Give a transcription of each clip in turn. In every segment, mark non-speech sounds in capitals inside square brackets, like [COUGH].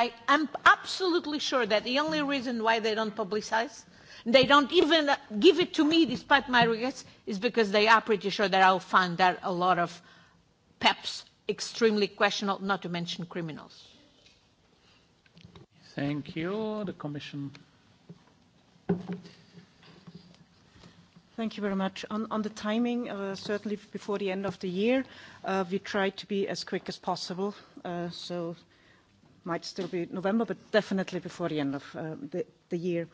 I am absolutely sure that the only reason why they don't publicize, they don't even give it to me despite my requests, is because they are pretty sure that I'll find that a lot of PEPs extremely questionable, not to mention criminals. Thank you. The Commission. Thank you very much. On, on the timing, uh, certainly before the end of the year, uh, we try to be as quick as possible. Uh, so might still be November, but definitely before the end of uh, the, the year.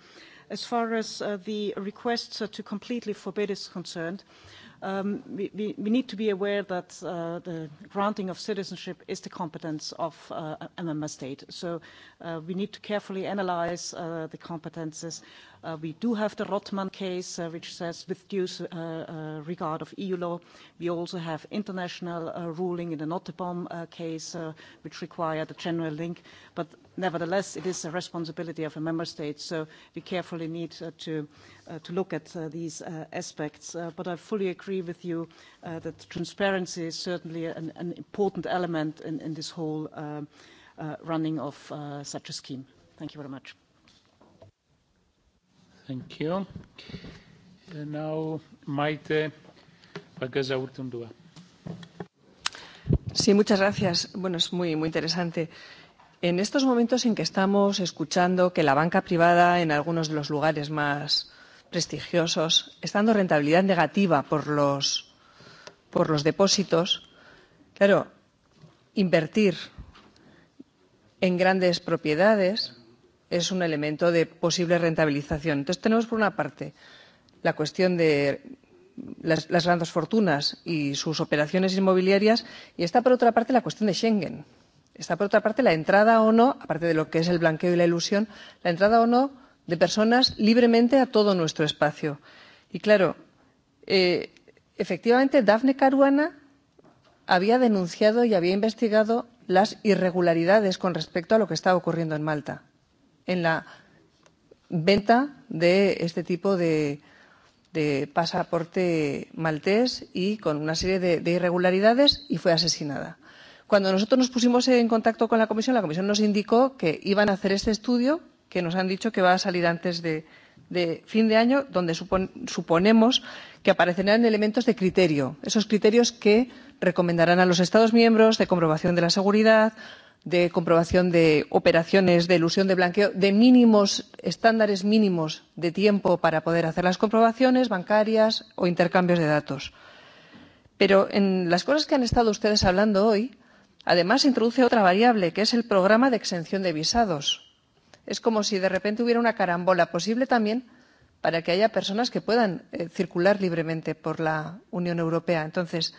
As far as uh, the request uh, to completely forbid is concerned, uh, um, we, we, we need to be aware that uh, the granting of citizenship is the competence of uh, a member state. So uh, we need to carefully analyze uh, the competences. Uh, we do have the Rotman case, uh, which says with due uh, uh, regard of EU law. We also have international uh, ruling in the Nottebom uh, case, uh, which require the general link. But nevertheless, it is a responsibility of a member state, so we carefully need uh, to, uh, to look at uh, these uh, aspects. Uh, but I fully agree with you uh, that transparency is certainly an, an important element in, in this whole uh, uh, running of uh, such a scheme. Thank you very much. Thank you. And now, Maite Pagazaurtundua. Sí, muchas gracias. Bueno, es muy, muy interesante. Eh, En estos momentos en que estamos escuchando que la banca privada en algunos de los lugares más prestigiosos está dando rentabilidad negativa por los, por los depósitos, claro, invertir en grandes propiedades es un elemento de posible rentabilización. Entonces tenemos por una parte la cuestión de las, las grandes fortunas y sus operaciones inmobiliarias y está por otra parte la cuestión de Schengen está por otra parte la entrada o no, aparte de lo que es el blanqueo y la ilusión, la entrada o no de personas libremente a todo nuestro espacio. Y claro, eh, efectivamente Dafne Caruana había denunciado y había investigado las irregularidades con respecto a lo que estaba ocurriendo en Malta, en la venta de este tipo de, de pasaporte maltés y con una serie de, de irregularidades y fue asesinada. Cuando nosotros nos pusimos en contacto con la Comisión, la Comisión nos indicó que iban a hacer este estudio, que nos han dicho que va a salir antes de, de fin de año, donde supon, suponemos que aparecerán elementos de criterio, esos criterios que recomendarán a los Estados miembros de comprobación de la seguridad, de comprobación de operaciones de elusión de blanqueo, de mínimos, estándares mínimos de tiempo para poder hacer las comprobaciones bancarias o intercambios de datos. Pero en las cosas que han estado ustedes hablando hoy, Además, introduce otra variable, que es el programa de exención de visados. Es como si de repente hubiera una carambola posible también para que haya personas que puedan eh, circular libremente por la Unión Europea. Entonces,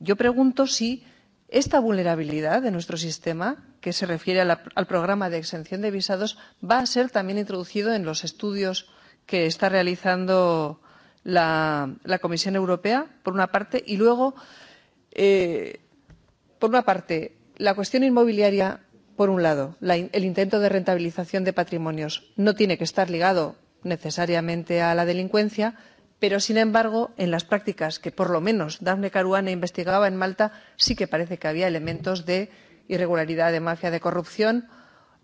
yo pregunto si esta vulnerabilidad de nuestro sistema, que se refiere a la, al programa de exención de visados, va a ser también introducido en los estudios que está realizando la, la Comisión Europea, por una parte, y luego eh, por una parte la cuestión inmobiliaria por un lado la, el intento de rentabilización de patrimonios no tiene que estar ligado necesariamente a la delincuencia pero sin embargo en las prácticas que por lo menos daphne caruana investigaba en malta sí que parece que había elementos de irregularidad de mafia de corrupción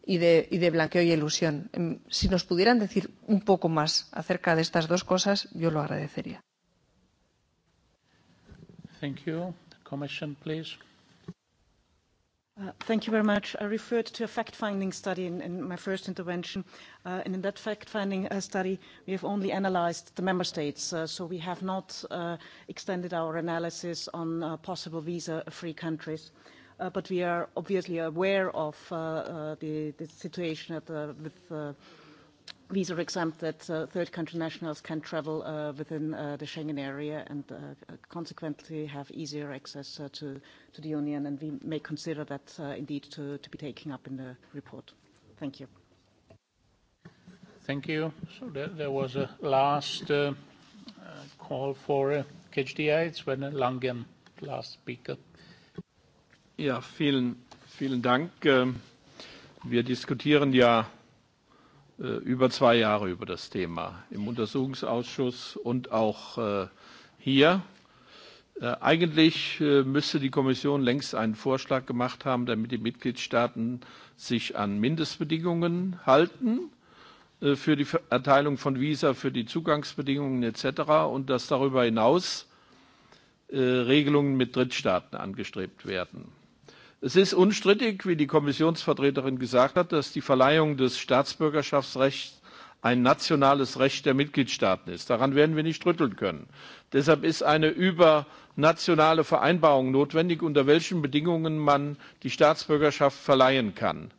y de, y de blanqueo y elusión. Si nos pudieran decir un poco más acerca de estas dos cosas, yo lo agradecería. Thank you. The commission, please. Uh, thank you very much. I referred to a fact-finding study in, in my first intervention. Uh, and in that fact-finding uh, study, we have only analyzed the member states. Uh, so we have not uh, extended our analysis on uh, possible visa-free countries. Uh, but we are obviously aware of uh, uh, the, the situation at, uh, with uh, visa exempt that uh, third country nationals can travel uh, within uh, the Schengen area and uh, consequently have easier access uh, to, to the Union. And we may consider that uh, indeed to, to be taking up in the report. Thank you. Thank you. So there, there was a last uh, uh, call for uh, KHDI. It's Werner Langen, last speaker. Ja, vielen, vielen Dank. Ähm, wir diskutieren ja Äh, über zwei Jahre über das Thema im Untersuchungsausschuss und auch äh, hier. Äh, eigentlich äh, müsste die Kommission längst einen Vorschlag gemacht haben, damit die Mitgliedstaaten sich an Mindestbedingungen halten äh, für die Erteilung von Visa, für die Zugangsbedingungen etc. und dass darüber hinaus äh, Regelungen mit Drittstaaten angestrebt werden. Es ist unstrittig, wie die Kommissionsvertreterin gesagt hat, dass die Verleihung des Staatsbürgerschaftsrechts ein nationales Recht der Mitgliedstaaten ist. Daran werden wir nicht rütteln können. Deshalb ist eine übernationale Vereinbarung notwendig, unter welchen Bedingungen man die Staatsbürgerschaft verleihen kann.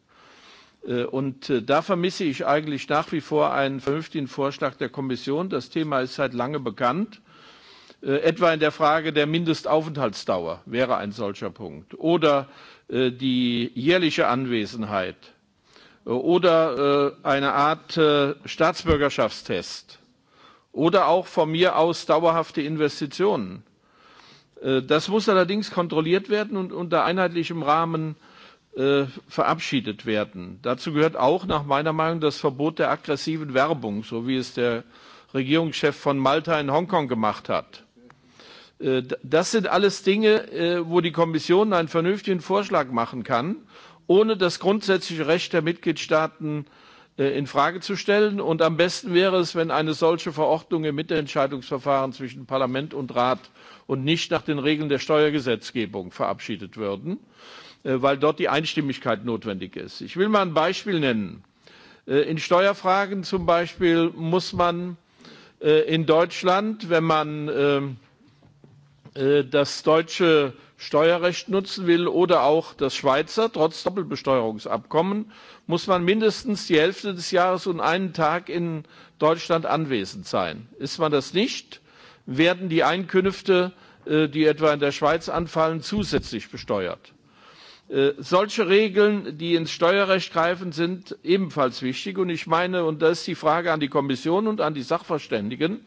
Äh, und äh, da vermisse ich eigentlich nach wie vor einen vernünftigen Vorschlag der Kommission. Das Thema ist seit lange bekannt. Äh, etwa in der Frage der Mindestaufenthaltsdauer wäre ein solcher Punkt. Oder Äh, die jährliche Anwesenheit äh, oder äh, eine Art Staatsbürgerschaftstest oder auch von mir aus dauerhafte Investitionen. Das muss allerdings kontrolliert werden und unter einheitlichem Rahmen verabschiedet werden. Dazu gehört auch nach meiner Meinung das Verbot der aggressiven Werbung, so wie es der Regierungschef von Malta in Hongkong gemacht hat. Äh, das sind alles Dinge, äh, wo die Kommission einen vernünftigen Vorschlag machen kann, ohne das grundsätzliche Recht der Mitgliedstaaten äh, in Frage zu stellen. Und am besten wäre es, wenn eine solche Verordnung im Mitentscheidungsverfahren zwischen Parlament und Rat und nicht nach den Regeln der Steuergesetzgebung verabschiedet würden, weil dort die Einstimmigkeit notwendig ist. Ich will mal ein Beispiel nennen. In Steuerfragen zum Beispiel muss man in Deutschland, wenn man ähm, Äh, das deutsche Steuerrecht nutzen will oder auch das Schweizer, trotz Doppelbesteuerungsabkommen, muss man mindestens die Hälfte des Jahres und einen Tag in Deutschland anwesend sein. Ist man das nicht, werden die Einkünfte, äh, die etwa in der Schweiz anfallen, zusätzlich besteuert. Äh, solche Regeln, die ins Steuerrecht greifen, sind ebenfalls wichtig. Und ich meine, und das ist die Frage an die Kommission und an die Sachverständigen,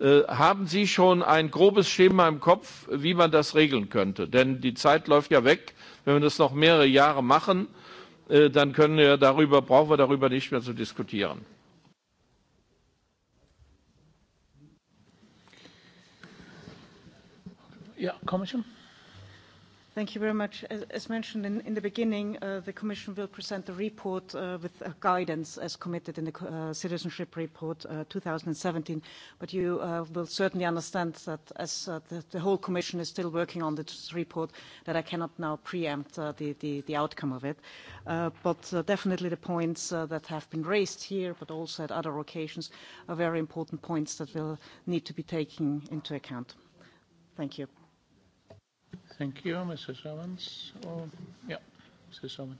Äh, haben Sie schon ein grobes Schema im Kopf, wie man das regeln könnte? Denn die Zeit läuft ja weg. Wenn wir das noch mehrere Jahre machen, äh, dann können wir darüber, brauchen wir darüber nicht mehr zu diskutieren. Yeah, Commission. Thank you very much. As, as mentioned in, in the beginning, uh, the Commission will present the report uh, with uh, guidance as committed in the uh, Citizenship Report uh, 2017. But you uh, will certainly understand that as uh, the, the whole Commission is still working on this report, that I cannot now preempt uh, the, the, the outcome of it. Uh, but uh, definitely the points uh, that have been raised here, but also at other occasions, are very important points that will need to be taken into account. Thank you. Thank you, Mrs. Owens. Oh, yeah, Mrs. Owens.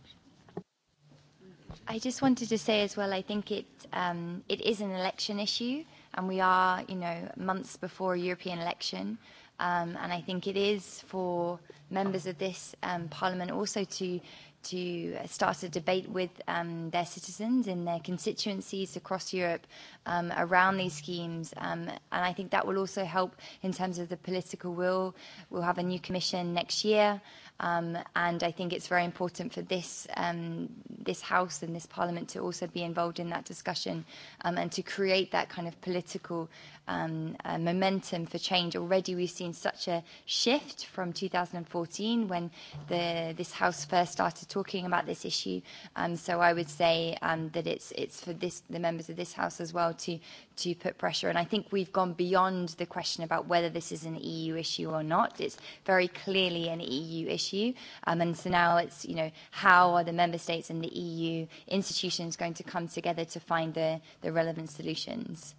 I just wanted to say as well, I think it um, it is an election issue, and we are, you know, months before a European election, um, and I think it is for members of this um, Parliament also to to uh, start a debate with um, their citizens in their constituencies across Europe um, around these schemes. Um, and I think that will also help in terms of the political will. We'll have a new commission next year. Um, and I think it's very important for this, um, this House and this Parliament to also be involved in that discussion um, and to create that kind of political um, uh, momentum for change. Already we've seen such a shift from 2014 when the, this House first started talking about this issue. Um, so I would say um, that it's, it's for this, the members of this House as well to, to put pressure. And I think we've gone beyond the question about whether this is an EU issue or not. It's very clearly an EU issue issue. Um, and so now it's, you know, how are the member states and the EU institutions going to come together to find the, the relevant solutions?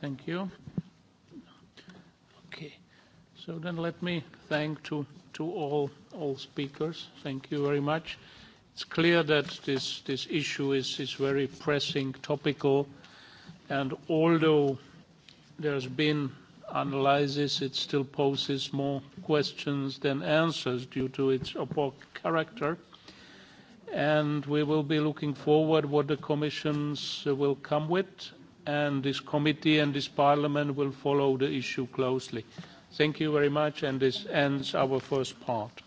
Thank you. Okay. So then let me thank to, to all, all speakers. Thank you very much. It's clear that this, this issue is, is very pressing, topical, and although there's been analysis, it still poses more questions than answers due to its opaque character. And we will be looking forward what the commissions will come with, and this committee and this parliament will follow the issue closely. Thank you very much, and this ends our first part.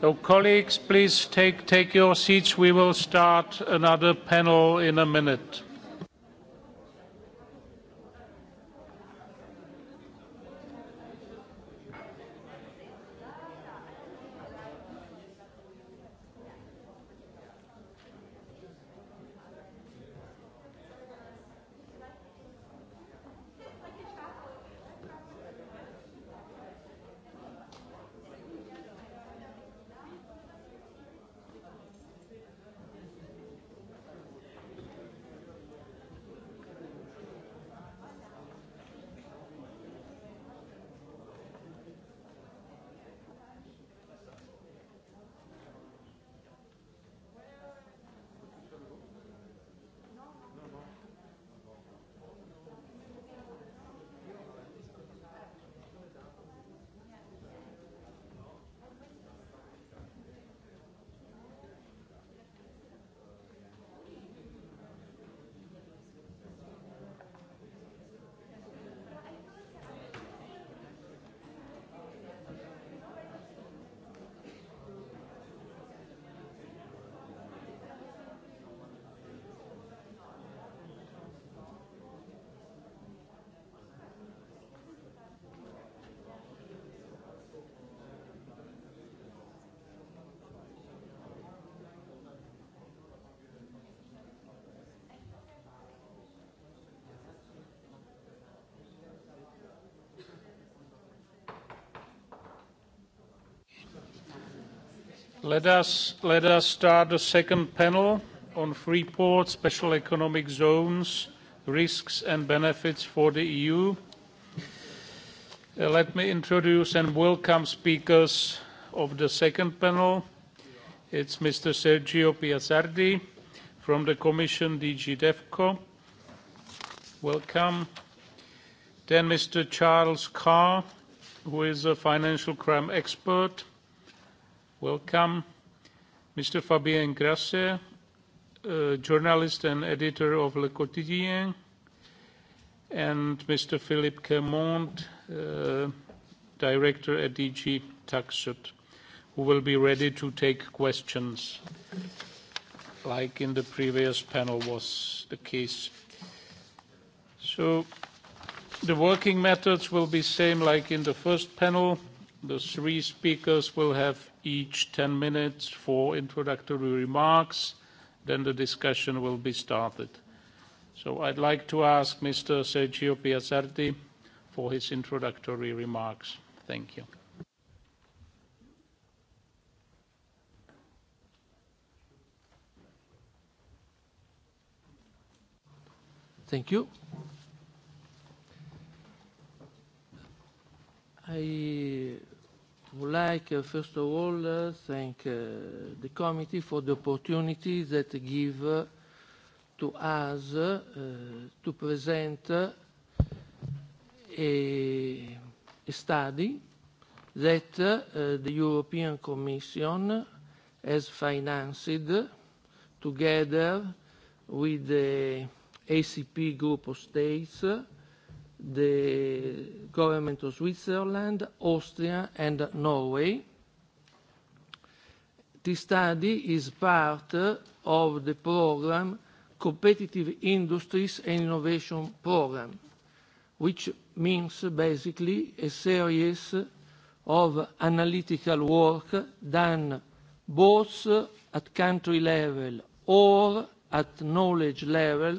So, colleagues, please take, take your seats. We will start another panel in a minute. Let us, let us start the second panel on Freeport Special Economic Zones, Risks and Benefits for the EU. Uh, let me introduce and welcome speakers of the second panel. It's Mr. Sergio Piazzardi from the Commission DG DevCo. Welcome. Then Mr. Charles Carr, who is a financial crime expert Welcome. Mr. Fabien Grasse, uh, journalist and editor of Le Quotidien, and Mr. Philippe Clermont, uh, director at DG TaxSud, who will be ready to take questions, like in the previous panel was the case. So the working methods will be same like in the first panel. The three speakers will have each 10 minutes for introductory remarks. Then the discussion will be started. So I'd like to ask Mr. Sergio Piazzardi for his introductory remarks. Thank you. Thank you. I would like, uh, first of all, uh, thank uh, the committee for the opportunity that give uh, to us uh, to present uh, a, a study that uh, the European Commission has financed together with the ACP group of states uh, the government of Switzerland, Austria, and Norway. This study is part of the program Competitive Industries and Innovation Program, which means basically a series of analytical work done both at country level or at knowledge level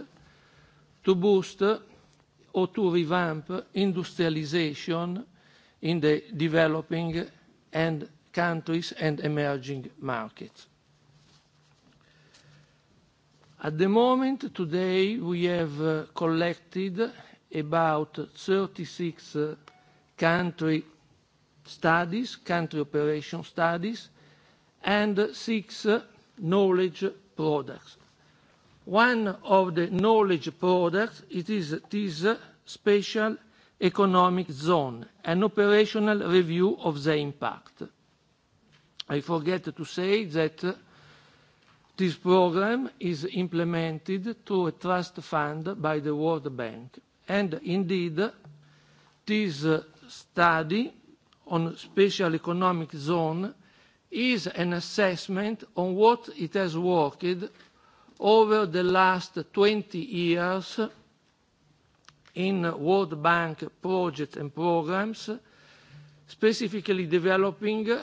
to boost O2 revamp industrialization in the developing and countries and emerging markets. At the moment, today, we have uh, collected about 36 uh, country studies, country operation studies, and six uh, knowledge products one of the knowledge products it is this special economic zone, an operational review of the impact. I forget to say that this program is implemented through a trust fund by the World Bank. And indeed, this study on special economic zone is an assessment on what it has worked over the last 20 years in World Bank projects and programs, specifically developing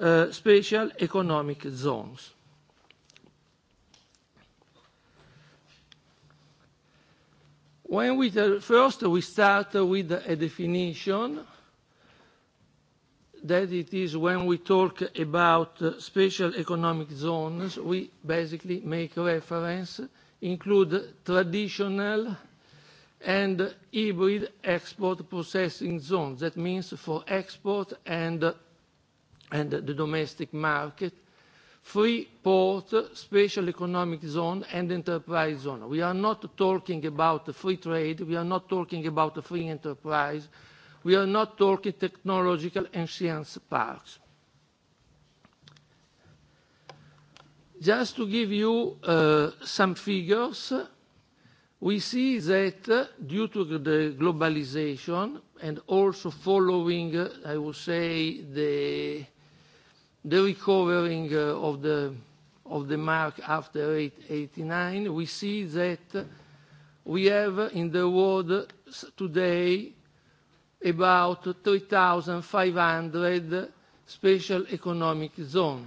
uh, special economic zones. When we uh, first, we start with a definition that it is when we talk about uh, special economic zones, we basically make reference, include traditional and hybrid export processing zones. That means for export and, and the domestic market, free port, special economic zone, and enterprise zone. We are not talking about free trade. We are not talking about free enterprise. We are not talking technological and science parks. Just to give you uh, some figures, we see that uh, due to the globalization and also following, uh, I would say, the, the recovering uh, of the, of the market after 1989, we see that we have in the world today about 3,500 special economic zone.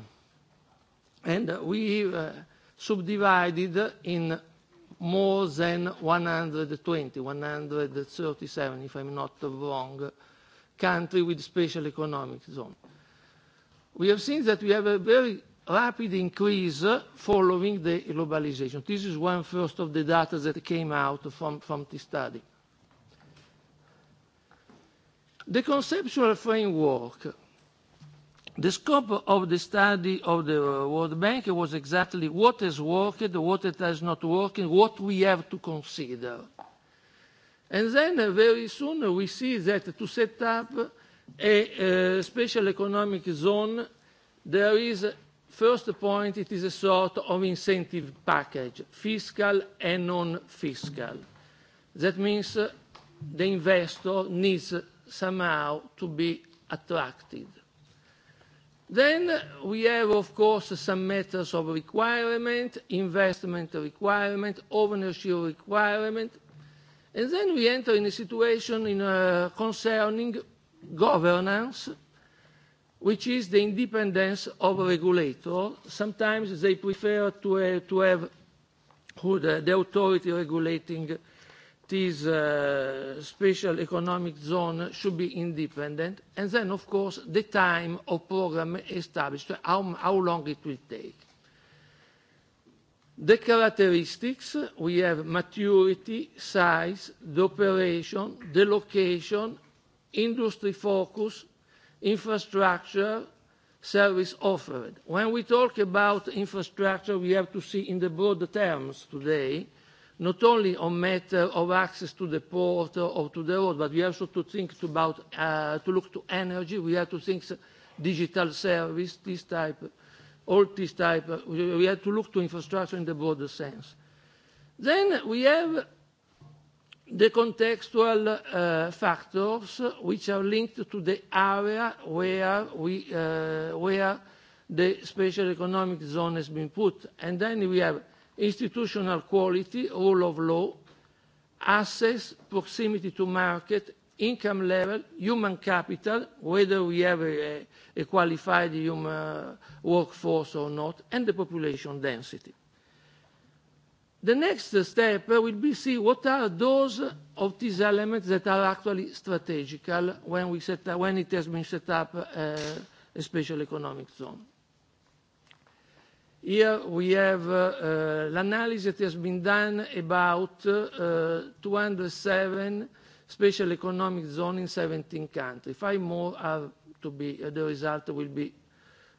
And we uh, subdivided in more than 120, 137, if I'm not wrong, country with special economic zone. We have seen that we have a very rapid increase following the globalization. This is one first of the data that came out from, from this study. The conceptual framework, the scope of the study of the uh, World Bank was exactly what has worked, what has not worked, what we have to consider. And then uh, very soon we see that to set up a uh, special economic zone, there is, first point, it is a sort of incentive package, fiscal and non-fiscal. That means uh, the investor needs somehow to be attracted. Then we have, of course, some matters of requirement, investment requirement, ownership requirement, and then we enter in a situation in, uh, concerning governance, which is the independence of a regulator. Sometimes they prefer to, uh, to have who the, the authority regulating uh, this uh, special economic zone should be independent, and then, of course, the time of program established, how, how long it will take. The characteristics, we have maturity, size, the operation, the location, industry focus, infrastructure, service offered. When we talk about infrastructure, we have to see in the broad terms today, not only on matter uh, of access to the port uh, or to the road, but we also to think about, uh, to look to energy. We have to think digital service, this type, all this type. Uh, we have to look to infrastructure in the broader sense. Then we have the contextual uh, factors which are linked to the area where, we, uh, where the special economic zone has been put. And then we have institutional quality, rule of law, access, proximity to market, income level, human capital, whether we have a, a qualified human uh, workforce or not, and the population density. The next step will be see what are those uh, of these elements that are actually strategical when, we set up, when it has been set up uh, a special economic zone. Here we have uh, uh, analysis that has been done about 207 uh, special economic zone in 17 countries. Five more are to be the result will be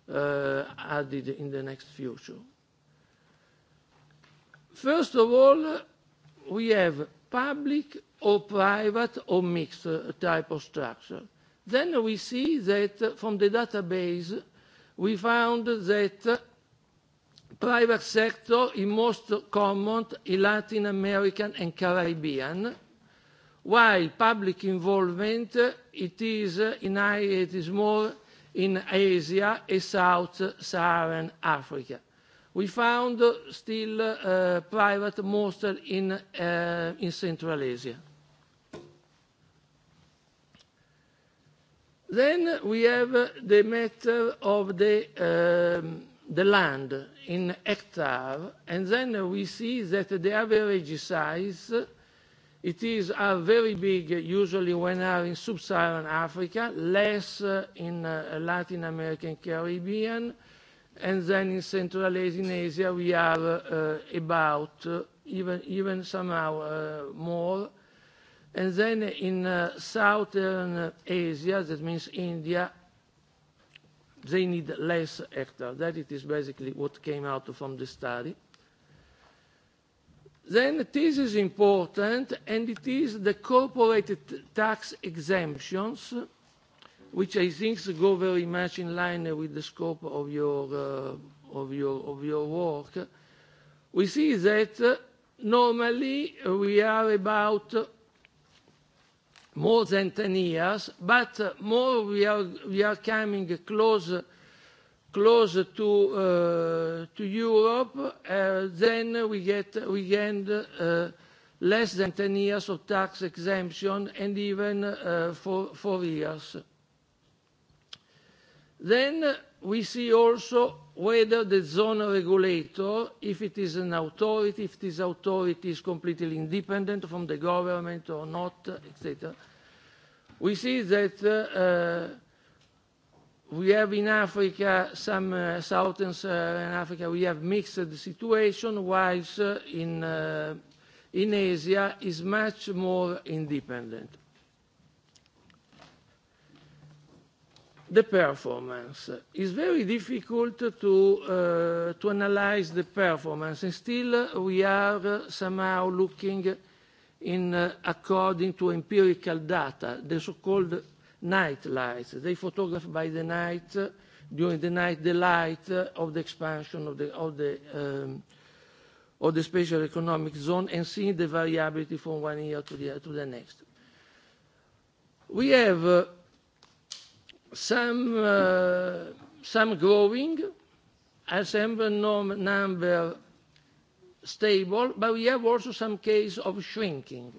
added in the next future. First of all, we have public or private or mixed type of structure. Then we see that from the database, we found that private sector is most common in Latin American and Caribbean, while public involvement it is in it is more in Asia and South Saharan Africa. We found still uh, private mostly in, uh, in Central Asia. Then we have the matter of the um, the land in hectare, and then we see that the average size, it is are very big, usually when are in sub-Saharan Africa, less uh, in uh, Latin America and Caribbean, and then in Central Asia, in Asia, we are uh, about uh, even, even somehow uh, more. And then in uh, Southern Asia, that means India, they need less hectare. That it is basically what came out from the study. Then this is important, and it is the corporate tax exemptions, which I think go very much in line with the scope of your, uh, of your, of your work. We see that uh, normally we are about more than 10 years, but more we are, we are coming closer, closer to, uh, to Europe, uh, then we get we gain uh, less than 10 years of tax exemption and even uh, four, four years. Then we see also whether the zone regulator, if it is an authority, if this authority is completely independent from the government or not, etc. We see that uh, uh, we have in Africa, some uh, southern Saharan uh, Africa, we have mixed situation, whilst uh, in, uh, in Asia is much more independent. the performance. It's very difficult to, uh, to analyze the performance, and still we are somehow looking in uh, according to empirical data, the so-called night lights. They photograph by the night, uh, during the night, the light of the expansion of the, of the, um, of the spatial economic zone and seeing the variability from one year to the, to the next. We have uh, some, uh, some growing, assembly number stable, but we have also some case of shrinking.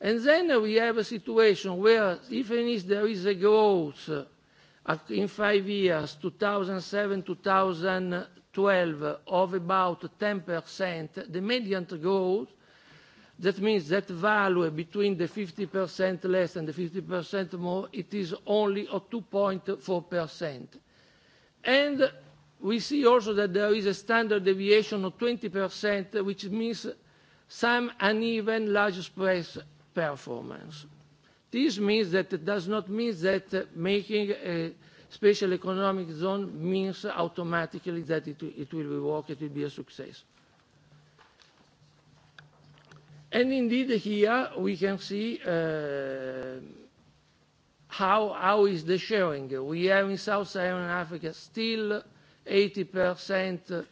And then we have a situation where even if there is a growth uh, in five years, 2007, 2012, of about 10%, the median growth That means that value between the 50% less and the 50% more, it is only of 2.4%. And we see also that there is a standard deviation of 20%, which means some uneven large space performance. This means that it does not mean that making a special economic zone means automatically that it, it will be work, it will be a success. And indeed, here we can see uh, how, how is the sharing. We have in South Saharan Africa still 80%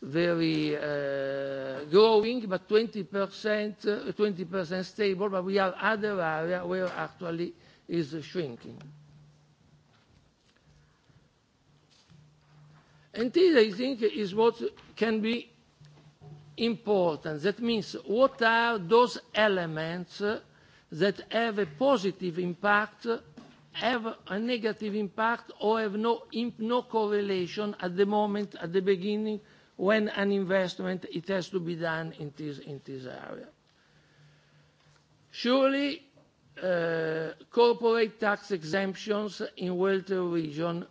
very uh, growing, but 20%, 20% uh, stable, but we have other area where actually is shrinking. And this, I think, is what can be important. That means what are those elements that have a positive impact, have a negative impact, or have no, no correlation at the moment, at the beginning, when an investment it has to be done in this, in this area. Surely, uh, corporate tax exemptions in wealthier region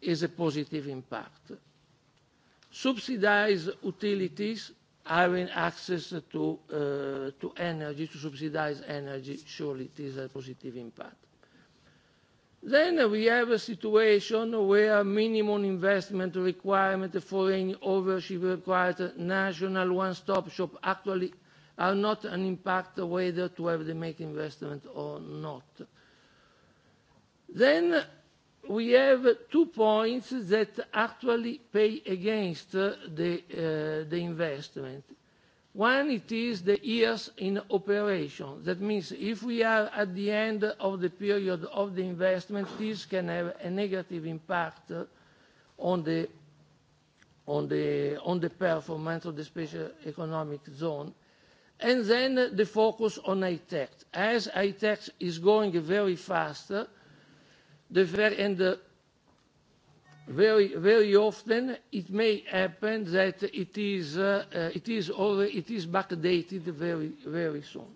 is a positive impact. Subsidized utilities having access to, uh, to energy, to subsidized energy, surely it is a positive impact. Then we have a situation where minimum investment requirement for any overship required national one-stop shop actually are not an impact whether to have the make investment or not. Then we have two points that actually pay against the, uh, the investment. One, it is the years in operation. That means if we are at the end of the period of the investment, this can have a negative impact on the, on the, on the performance of the special economic zone. And then the focus on high tech. As high tech is going very fast, the very, and uh, very, very often it may happen that it is, uh, uh, it is, already, it is backdated very, very soon.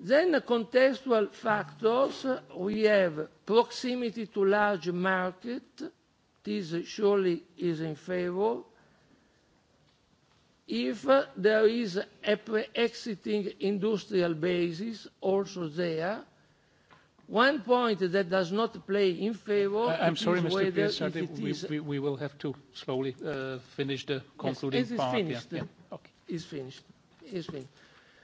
Then contextual factors, we have proximity to large market. This surely is in favor. If there is exiting industrial bases also there, One point that does not play in favor. Uh, I'm sorry, Mr. Piazzardi, we, we, we will have to slowly uh, finish the concluding yes, part. Finished. Yeah. Yeah. Okay. It's finished. It's finished.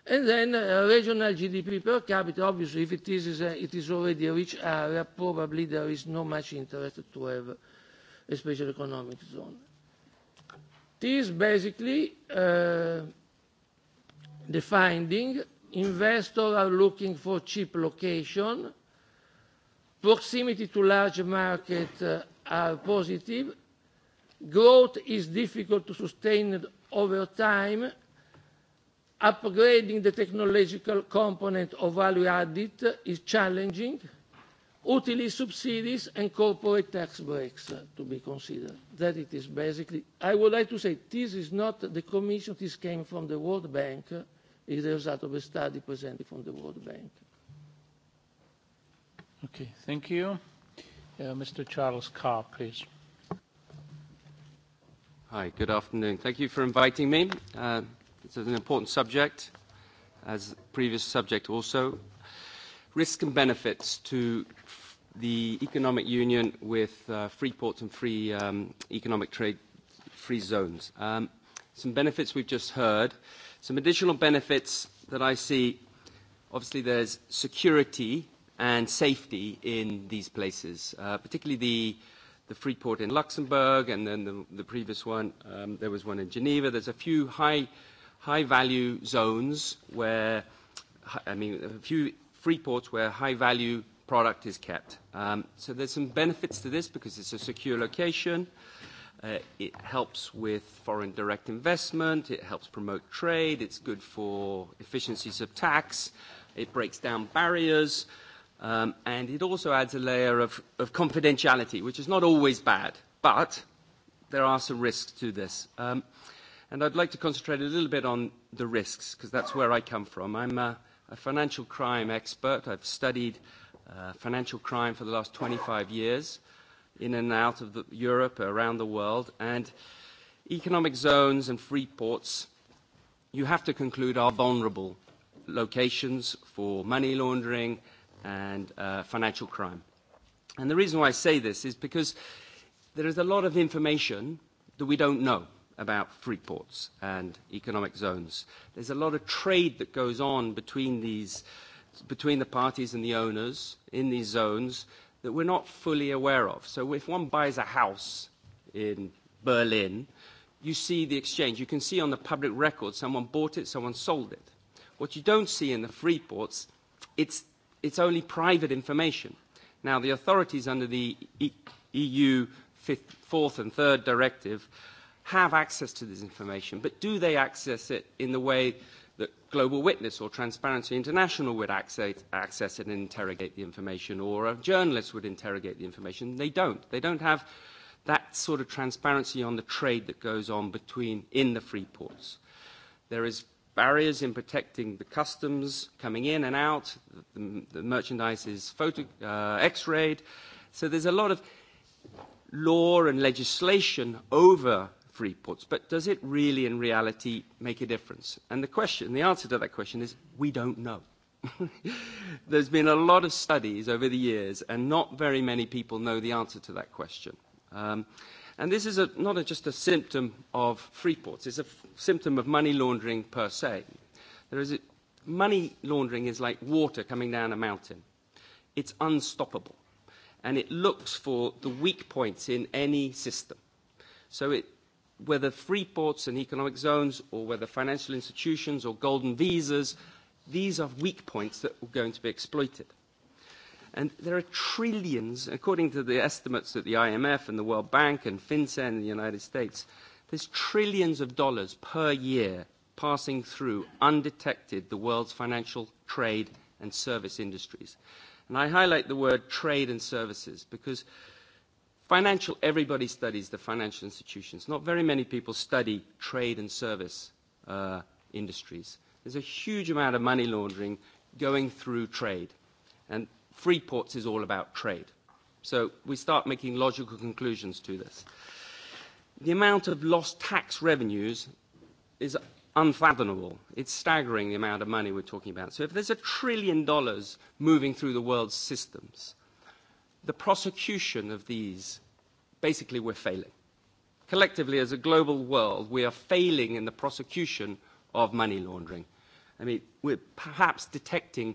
And then uh, regional GDP per capita, obviously, if it is, uh, it is already a rich area, probably there is not much interest to have a special economic zone. This basically uh, the finding. Investors are looking for cheap location Proximity to large market uh, are positive. Growth is difficult to sustain over time. Upgrading the technological component of value added is challenging. Utility subsidies and corporate tax breaks uh, to be considered. That it is basically. I would like to say this is not the commission. This came from the World Bank. Is the result of a study presented from the World Bank. Okay, thank you. Uh, Mr. Charles Carr, please. Hi, good afternoon. Thank you for inviting me. Uh, it's an important subject, as the previous subject also. Risk and benefits to the economic union with uh, free ports and free um, economic trade free zones. Um, some benefits we've just heard. Some additional benefits that I see, obviously there's security and safety in these places, uh, particularly the, the Freeport in Luxembourg and then the, the previous one, um, there was one in Geneva. There's a few high, high value zones where, I mean, a few freeports where high value product is kept. Um, so there's some benefits to this because it's a secure location. Uh, it helps with foreign direct investment. It helps promote trade. It's good for efficiencies of tax. It breaks down barriers. Uh, Um, and it also adds a layer of, of confidentiality, which is not always bad, but there are some risks to this. Um, and I'd like to concentrate a little bit on the risks, because that's where I come from. I'm a, a financial crime expert. I've studied uh, financial crime for the last 25 years in and out of the, Europe, around the world, and economic zones and free ports, you have to conclude, are vulnerable locations for money laundering – and uh, financial crime. And the reason why I say this is because there is a lot of information that we don't know about free ports and economic zones. There's a lot of trade that goes on between these, between the parties and the owners in these zones that we're not fully aware of. So if one buys a house in Berlin, you see the exchange. You can see on the public record someone bought it, someone sold it. What you don't see in the free ports, it's it's only private information. Now, the authorities under the e- EU fifth, fourth and third directive have access to this information, but do they access it in the way that Global Witness or Transparency International would access, access it and interrogate the information, or a journalist would interrogate the information? They don't. They don't have that sort of transparency on the trade that goes on between in the free ports. There is barriers in protecting the customs coming in and out. The, the merchandise is photo, uh, x-rayed. So there's a lot of law and legislation over free ports, but does it really in reality make a difference? And the question, the answer to that question is we don't know. [LAUGHS] There's been a lot of studies over the years, and not very many people know the answer to that question. Um, uh, And this is a, not a, just a symptom of free ports, it's a f- symptom of money laundering per se. There is a, money laundering is like water coming down a mountain. It's unstoppable. And it looks for the weak points in any system. So it, whether free ports and economic zones or whether financial institutions or golden visas, these are weak points that are going to be exploited. And there are trillions, according to the estimates at the IMF and the World Bank and FinCEN in the United States, there's trillions of dollars per year passing through undetected the world's financial, trade, and service industries. And I highlight the word trade and services because financial, everybody studies the financial institutions. Not very many people study trade and service uh, industries. There's a huge amount of money laundering going through trade. And free ports is all about trade. So we start making logical conclusions to this. The amount of lost tax revenues is unfathomable. It's staggering the amount of money we're talking about. So if there's a trillion dollars moving through the world's systems, the prosecution of these, basically we're failing. Collectively, as a global world, we are failing in the prosecution of money laundering. I mean, we're perhaps detecting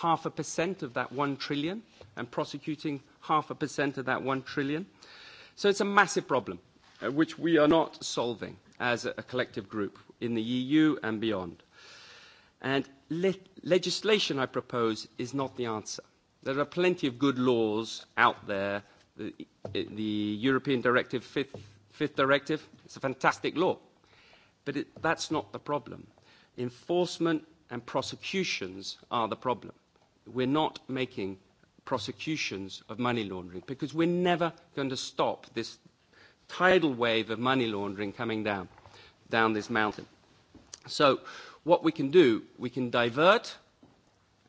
half a percent of that 1 trillion and prosecuting half a percent of that 1 trillion. So it's a massive problem uh, which we are not solving as a, a collective group in the EU and beyond. And le- legislation, I propose, is not the answer. There are plenty of good laws out there. The, the European Directive, fifth, fifth Directive, it's a fantastic law. But it, that's not the problem. Enforcement and prosecutions are the problem we're not making prosecutions of money laundering because we're never going to stop this tidal wave of money laundering coming down, down this mountain. So what we can do, we can divert,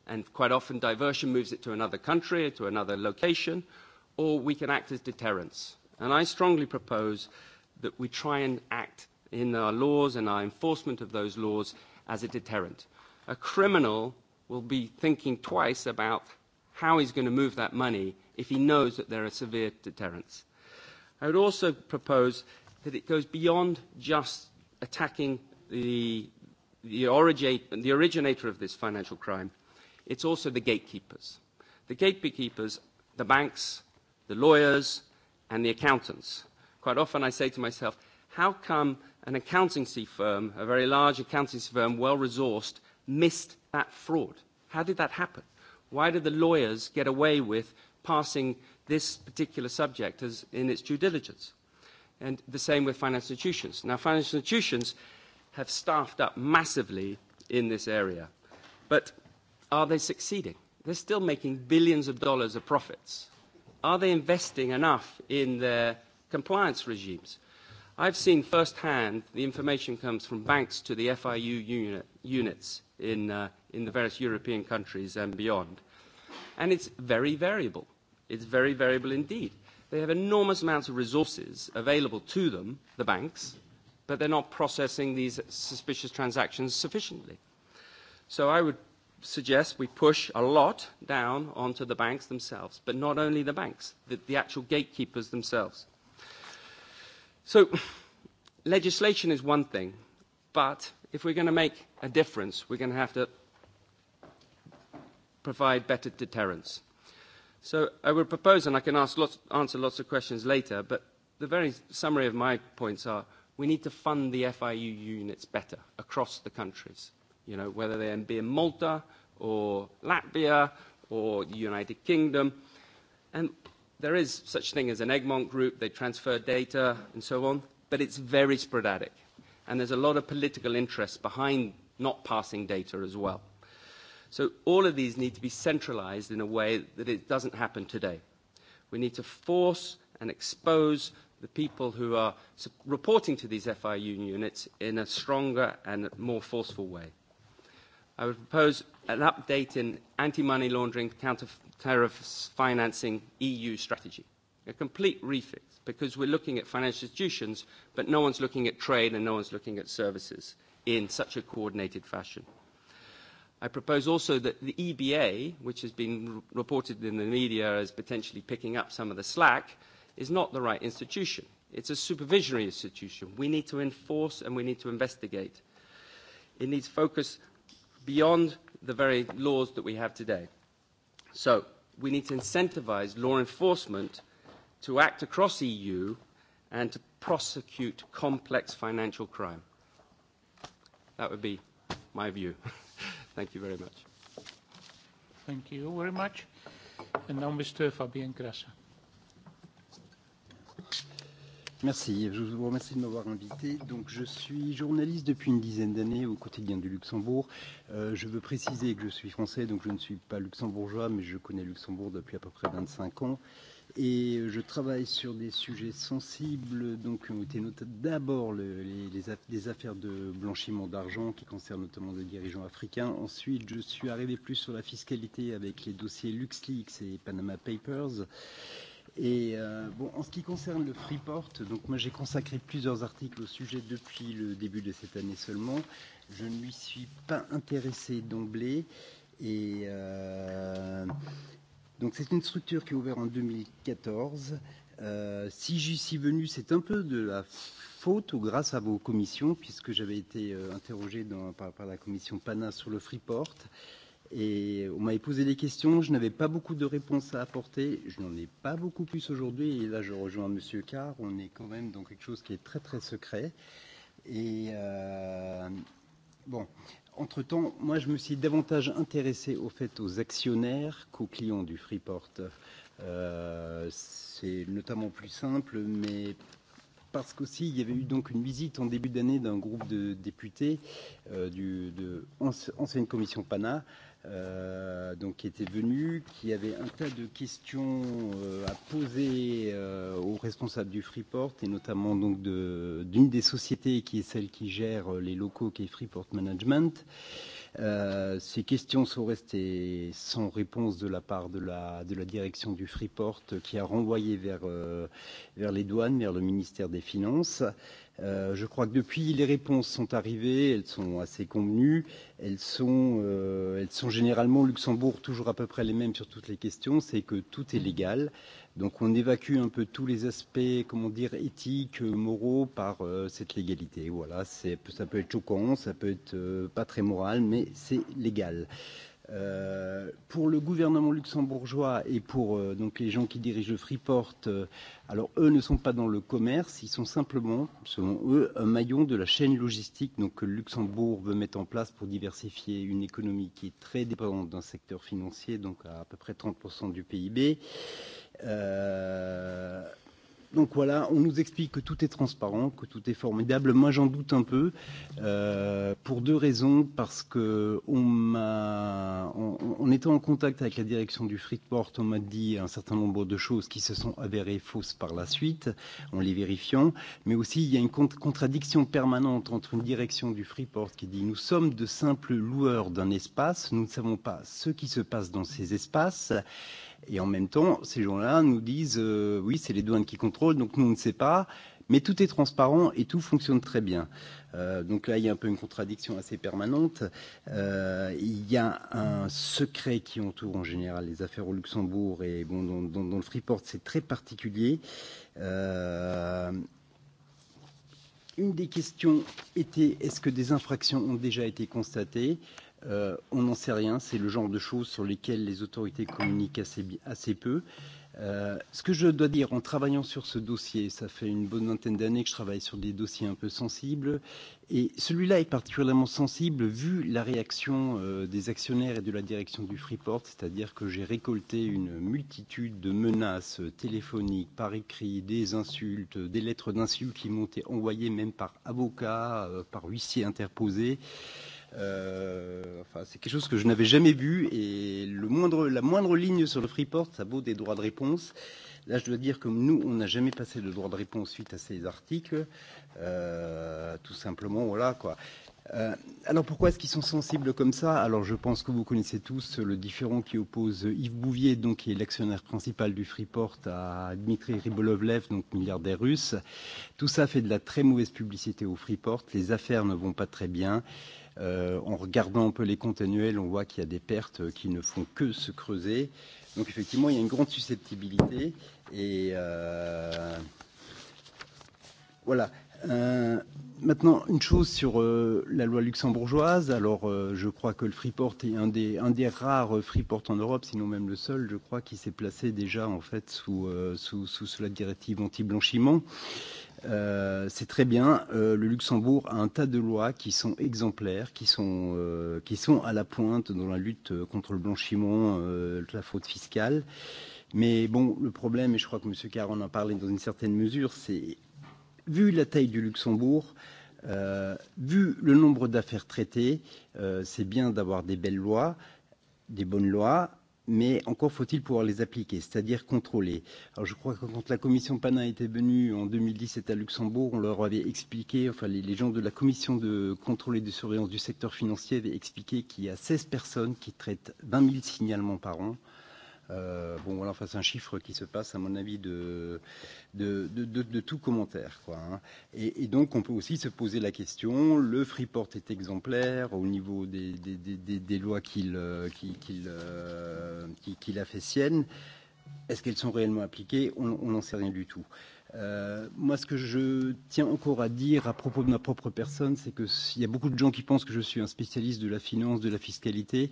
and quite often diversion moves it to another country, to another location, or we can act as deterrence. And I strongly propose that we try and act in our laws and our enforcement of those laws as a deterrent. A criminal will be thinking twice about how he's going to move that money if he knows that there are severe deterrents. I would also propose that it goes beyond just attacking the, the, origin, the originator of this financial crime. It's also the gatekeepers. The gatekeepers, the banks, the lawyers, and the accountants. Quite often I say to myself, how come an accountancy firm, a very large accountancy firm, well resourced, missed that fraud. How did that happen? Why did the lawyers get away with passing this particular subject as in its due diligence? And the same with financial institutions. Now, financial institutions have staffed up massively in this area, but are they succeeding? They're still making billions of dollars of profits. Are they investing enough in their compliance regimes? I've seen firsthand the information comes from banks to the FIU unit, units in, uh, in the various European countries and beyond. And it's very variable. It's very variable indeed. They have enormous amounts of resources available to them, the banks, but they're not processing these suspicious transactions sufficiently. So I would suggest we push a lot down onto the banks themselves, but not only the banks, the, the actual gatekeepers themselves. So [SIGHS] legislation is one thing, but if we're going to make a difference, we're going to have to provide better deterrence. So I would propose, and I can ask lots, answer lots of questions later, but the very summary of my points are we need to fund the FIU units better across the countries, you know, whether they be in Malta or Latvia or the United Kingdom. And there is such thing as an Egmont group, they transfer data and so on, but it's very sporadic and there's a lot of political interest behind not passing data as well. So all of these need to be centralized in a way that it doesn't happen today. We need to force and expose the people who are reporting to these FIU units in a stronger and more forceful way. I would propose an update in anti-money laundering, counter-terror financing EU strategy a complete refit, because we're looking at financial institutions, but no one's looking at trade and no one's looking at services in such a coordinated fashion. I propose also that the EBA, which has been reported in the media as potentially picking up some of the slack, is not the right institution. It's a supervisory institution. We need to enforce and we need to investigate. It needs focus beyond the very laws that we have today. So we need to incentivize law enforcement uh, to act across EU and to prosecute complex financial crime. That would be my view. [LAUGHS] Thank you very much. Thank you very much. And now Mr. Fabien Grassa. Merci, je vous remercie de m'avoir invité. Donc, je suis journaliste depuis une dizaine d'années au quotidien du Luxembourg. Euh, je veux préciser que je suis français, donc je ne suis pas luxembourgeois, mais je connais Luxembourg depuis à peu près 25 ans. Euh, et je travaille sur des sujets sensibles, donc qui ont été d'abord le, les, les, aff les affaires de blanchiment d'argent qui concernent notamment des dirigeants africains. Ensuite, je suis arrivé plus sur la fiscalité avec les dossiers LuxLeaks et Panama Papers. Et euh, bon, en ce qui concerne le Freeport, donc moi j'ai consacré plusieurs articles au sujet depuis le début de cette année seulement. Je ne m'y suis pas intéressé d'emblée et euh, Donc c'est une structure qui est ouverte en 2014. Euh, si j'y suis venu, c'est un peu de la faute ou grâce à vos commissions, puisque j'avais été euh, interrogé dans, par, par la commission PANA sur le Freeport. Et on m'avait posé des questions, je n'avais pas beaucoup de réponses à apporter, je n'en ai pas beaucoup plus aujourd'hui, et là je rejoins Monsieur Carr, on est quand même dans quelque chose qui est très très secret. Et euh, bon, Entre-temps, moi, je me suis davantage intéressé au fait aux actionnaires qu'aux clients du Freeport. Euh, C'est notamment plus simple, mais parce qu'aussi il y avait eu donc une visite en début d'année d'un groupe de députés euh, du, de ancienne commission PANA euh, donc, qui était venu, qui avait un tas de questions euh, à poser euh, aux responsables du Freeport et notamment donc de, d'une des sociétés qui est celle qui gère euh, les locaux, qui est Freeport Management. Euh, ces questions sont restées sans réponse de la part de la, de la direction du Freeport qui a renvoyé vers, euh, vers les douanes, vers le ministère des Finances. Euh, Euh, je crois que depuis, les réponses sont arrivées, elles sont assez convenues, elles sont, euh, elles sont généralement au Luxembourg toujours à peu près les mêmes sur toutes les questions, c'est que tout est légal. Donc on évacue un peu tous les aspects, comment dire, éthiques, euh, moraux par euh, cette légalité. Voilà, ça peut être choquant, ça peut être euh, pas très moral, mais c'est légal. Euh, Euh, pour le gouvernement luxembourgeois et pour euh, donc les gens qui dirigent le Freeport, euh, alors eux ne sont pas dans le commerce, ils sont simplement, selon eux, un maillon de la chaîne logistique donc, que Luxembourg veut mettre en place pour diversifier une économie qui est très dépendante d'un secteur financier, donc à, à peu près 30% du PIB. Euh, Donc voilà, on nous explique que tout est transparent, que tout est formidable. Moi, j'en doute un peu euh, pour deux raisons. Parce que on m'a, en, en étant en contact avec la direction du Freeport, on m'a dit un certain nombre de choses qui se sont avérées fausses par la suite, en les vérifiant. Mais aussi, il y a une cont contradiction permanente entre une direction du Freeport qui dit nous sommes de simples loueurs d'un espace, nous ne savons pas ce qui se passe dans ces espaces Et en même temps, ces gens-là nous disent euh, oui, c'est les douanes qui contrôlent, donc nous on ne sait pas, mais tout est transparent et tout fonctionne très bien. Euh, donc là, il y a un peu une contradiction assez permanente. Euh, il y a un secret qui entoure en général les affaires au Luxembourg et bon, dans, dans, dans le Freeport, c'est très particulier. Euh, une des questions était est-ce que des infractions ont déjà été constatées euh, Euh, on n'en sait rien. C'est le genre de choses sur lesquelles les autorités communiquent assez, assez peu. Euh, ce que je dois dire en travaillant sur ce dossier, ça fait une bonne vingtaine d'années que je travaille sur des dossiers un peu sensibles, et celui-là est particulièrement sensible vu la réaction euh, des actionnaires et de la direction du Freeport, c'est-à-dire que j'ai récolté une multitude de menaces téléphoniques, par écrit, des insultes, des lettres d'insultes qui m'ont été envoyées même par avocats, euh, par huissiers interposés. Euh, Euh, enfin, c'est quelque chose que je n'avais jamais vu et le moindre, la moindre ligne sur le Freeport, ça vaut des droits de réponse. Là, je dois dire que nous, on n'a jamais passé de droit de réponse suite à ces articles. Euh, tout simplement, voilà quoi. Euh, alors pourquoi est-ce qu'ils sont sensibles comme ça Alors je pense que vous connaissez tous le différend qui oppose Yves Bouvier, donc, qui est l'actionnaire principal du Freeport, à Dmitri Ribolovlev, donc milliardaire russe. Tout ça fait de la très mauvaise publicité au Freeport. Les affaires ne vont pas très bien. Euh, Euh, en regardant un peu les comptes annuels, on voit qu'il y a des pertes qui ne font que se creuser. Donc effectivement, il y a une grande susceptibilité. Et euh, voilà. Euh, maintenant, une chose sur euh, la loi luxembourgeoise. Alors, euh, je crois que le Freeport est un des, un des rares Freeport en Europe, sinon même le seul, je crois, qui s'est placé déjà en fait sous, euh, sous, sous la directive anti-blanchiment. Euh, c'est très bien. Euh, le Luxembourg a un tas de lois qui sont exemplaires, qui sont, euh, qui sont à la pointe dans la lutte contre le blanchiment, euh, la fraude fiscale. Mais bon, le problème, et je crois que M. Caron en parlait dans une certaine mesure, c'est vu la taille du Luxembourg, euh, vu le nombre d'affaires traitées, euh, c'est bien d'avoir des belles lois, des bonnes lois, mais encore faut-il pouvoir les appliquer, c'est-à-dire contrôler. Alors je crois que quand la commission Panin était venue en 2017 à Luxembourg, on leur avait expliqué, enfin les, les gens de la commission de contrôle et de surveillance du secteur financier avaient expliqué qu'il y a 16 personnes qui traitent 20 000 signalements par an. Euh, bon, voilà, enfin, c'est un chiffre qui se passe, à mon avis, de, de, de, de, de tout commentaire. Quoi, hein. et, et donc, on peut aussi se poser la question, le Freeport est exemplaire au niveau des, des, des, des, des lois qu'il qu qu qu qu a fait siennes. Est-ce qu'elles sont réellement appliquées On n'en sait rien du tout. Euh, Euh, moi, ce que je tiens encore à dire à propos de ma propre personne, c'est que s'il y a beaucoup de gens qui pensent que je suis un spécialiste de la finance, de la fiscalité,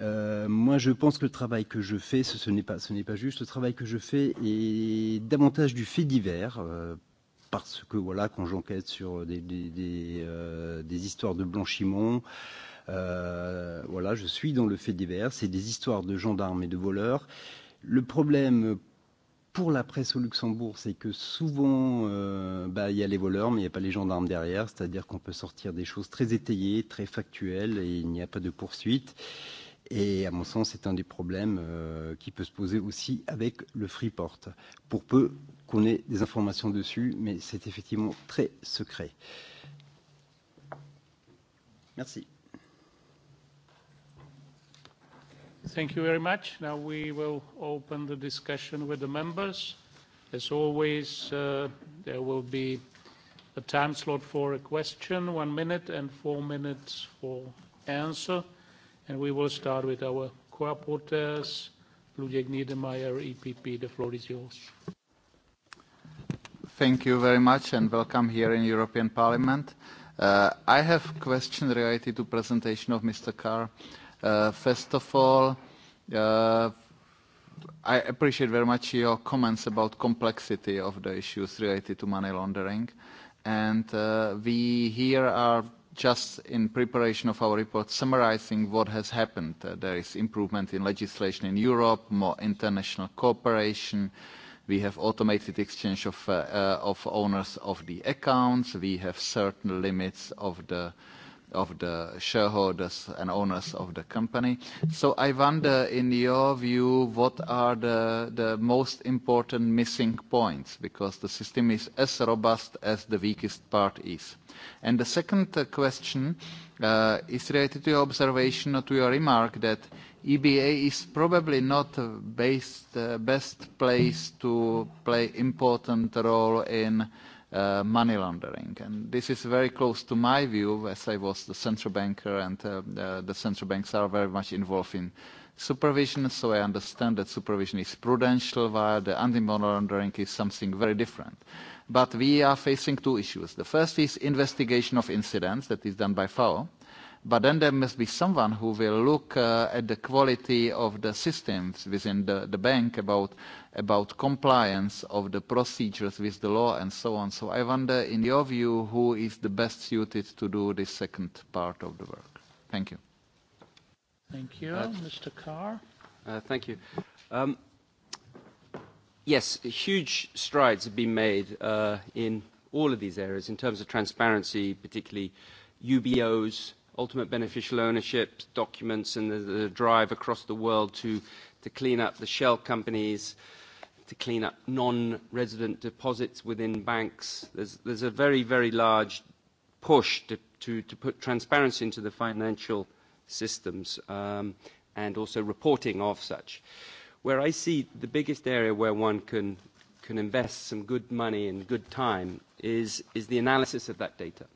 euh, moi, je pense que le travail que je fais, ce, ce n'est pas, ce n'est pas juste. Le travail que je fais est davantage du fait divers. Euh, parce que voilà, quand j'enquête sur des, des, des, euh, des histoires de blanchiment, euh, voilà, je suis dans le fait divers. C'est des histoires de gendarmes et de voleurs. Le problème pour la presse au Luxembourg, c'est que souvent, euh, bah, il y a les voleurs, mais il n'y a pas les gendarmes derrière. C'est-à-dire qu'on peut sortir des choses très étayées, très factuelles, et il n'y a pas de poursuite. Et à mon sens, c'est un des problèmes euh, qui peut se poser aussi avec le Freeport, pour peu qu'on ait des informations dessus, mais c'est effectivement très secret. Merci. Thank you very much. Now we will open the discussion with the members. As always, uh, there will be a time slot for a question, one minute, and four minutes for answer. And we will start with our co-rapporteurs, Ludwig Niedermayer, EPP. The floor is yours. Thank you very much, and welcome here in European Parliament. Uh, I have question related to presentation of Mr. Carr. Uh, Uh, first of all, uh, I appreciate very much your comments about complexity of the issues related to money laundering. And uh, we here are just in preparation of our report summarizing what has happened. Uh, there is improvement in legislation in Europe, more international cooperation. We have automated exchange of, uh, uh, of owners of the accounts. We have certain limits of the uh, of the shareholders and owners of the company. So I wonder, in your view, what are the, the most important missing points? Because the system is as robust as the weakest part is. And the second uh, question uh, is related to your observation or to your remark that EBA is probably not the uh, best place to play important role in uh, money laundering. And this is very close to my view, as I was the central banker, and uh, uh, the central banks are very much involved in supervision, so I understand that supervision is prudential, while the anti-money laundering is something very different. But we are facing two issues. The first is investigation of incidents that is done by FAO, uh, But then there must be someone who will look uh, at the quality of the systems within the, the bank about, about compliance of the procedures with the law and so on. So I wonder, in your view, who is the best suited to do this second part of the work? Thank you. Thank you. Uh, Mr. Carr? Uh, thank you. Um, yes, huge strides have been made uh, in all of these areas in terms of transparency, particularly UBOs, ultimate beneficial ownership documents and the, the drive across the world to, to clean up the shell companies, to clean up non-resident deposits within banks. There's, there's a very, very large push to, to, to put transparency into the financial systems um, and also reporting of such. Where I see the biggest area where one can, can invest some good money and good time is, is the analysis of that data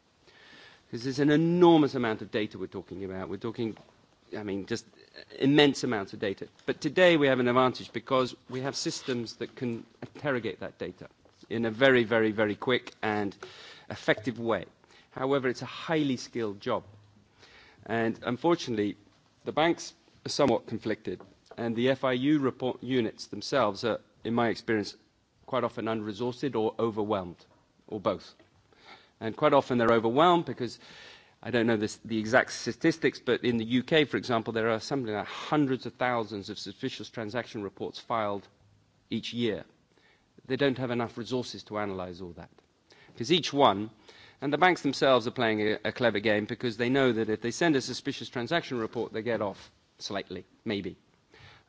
Because there's an enormous amount of data we're talking about. We're talking, I mean, just uh, immense amounts of data. But today we have an advantage because we have systems that can interrogate that data in a very, very, very quick and effective way. However, it's a highly skilled job. And unfortunately, the banks are somewhat conflicted, and the FIU report units themselves are, in my experience, quite often unresourced or overwhelmed, or both. And quite often they're overwhelmed because I don't know this, the exact statistics, but in the UK, for example, there are something like hundreds of thousands of suspicious transaction reports filed each year. They don't have enough resources to analyze all that. Because each one, and the banks themselves are playing a, a clever game because they know that if they send a suspicious transaction report, they get off slightly, maybe.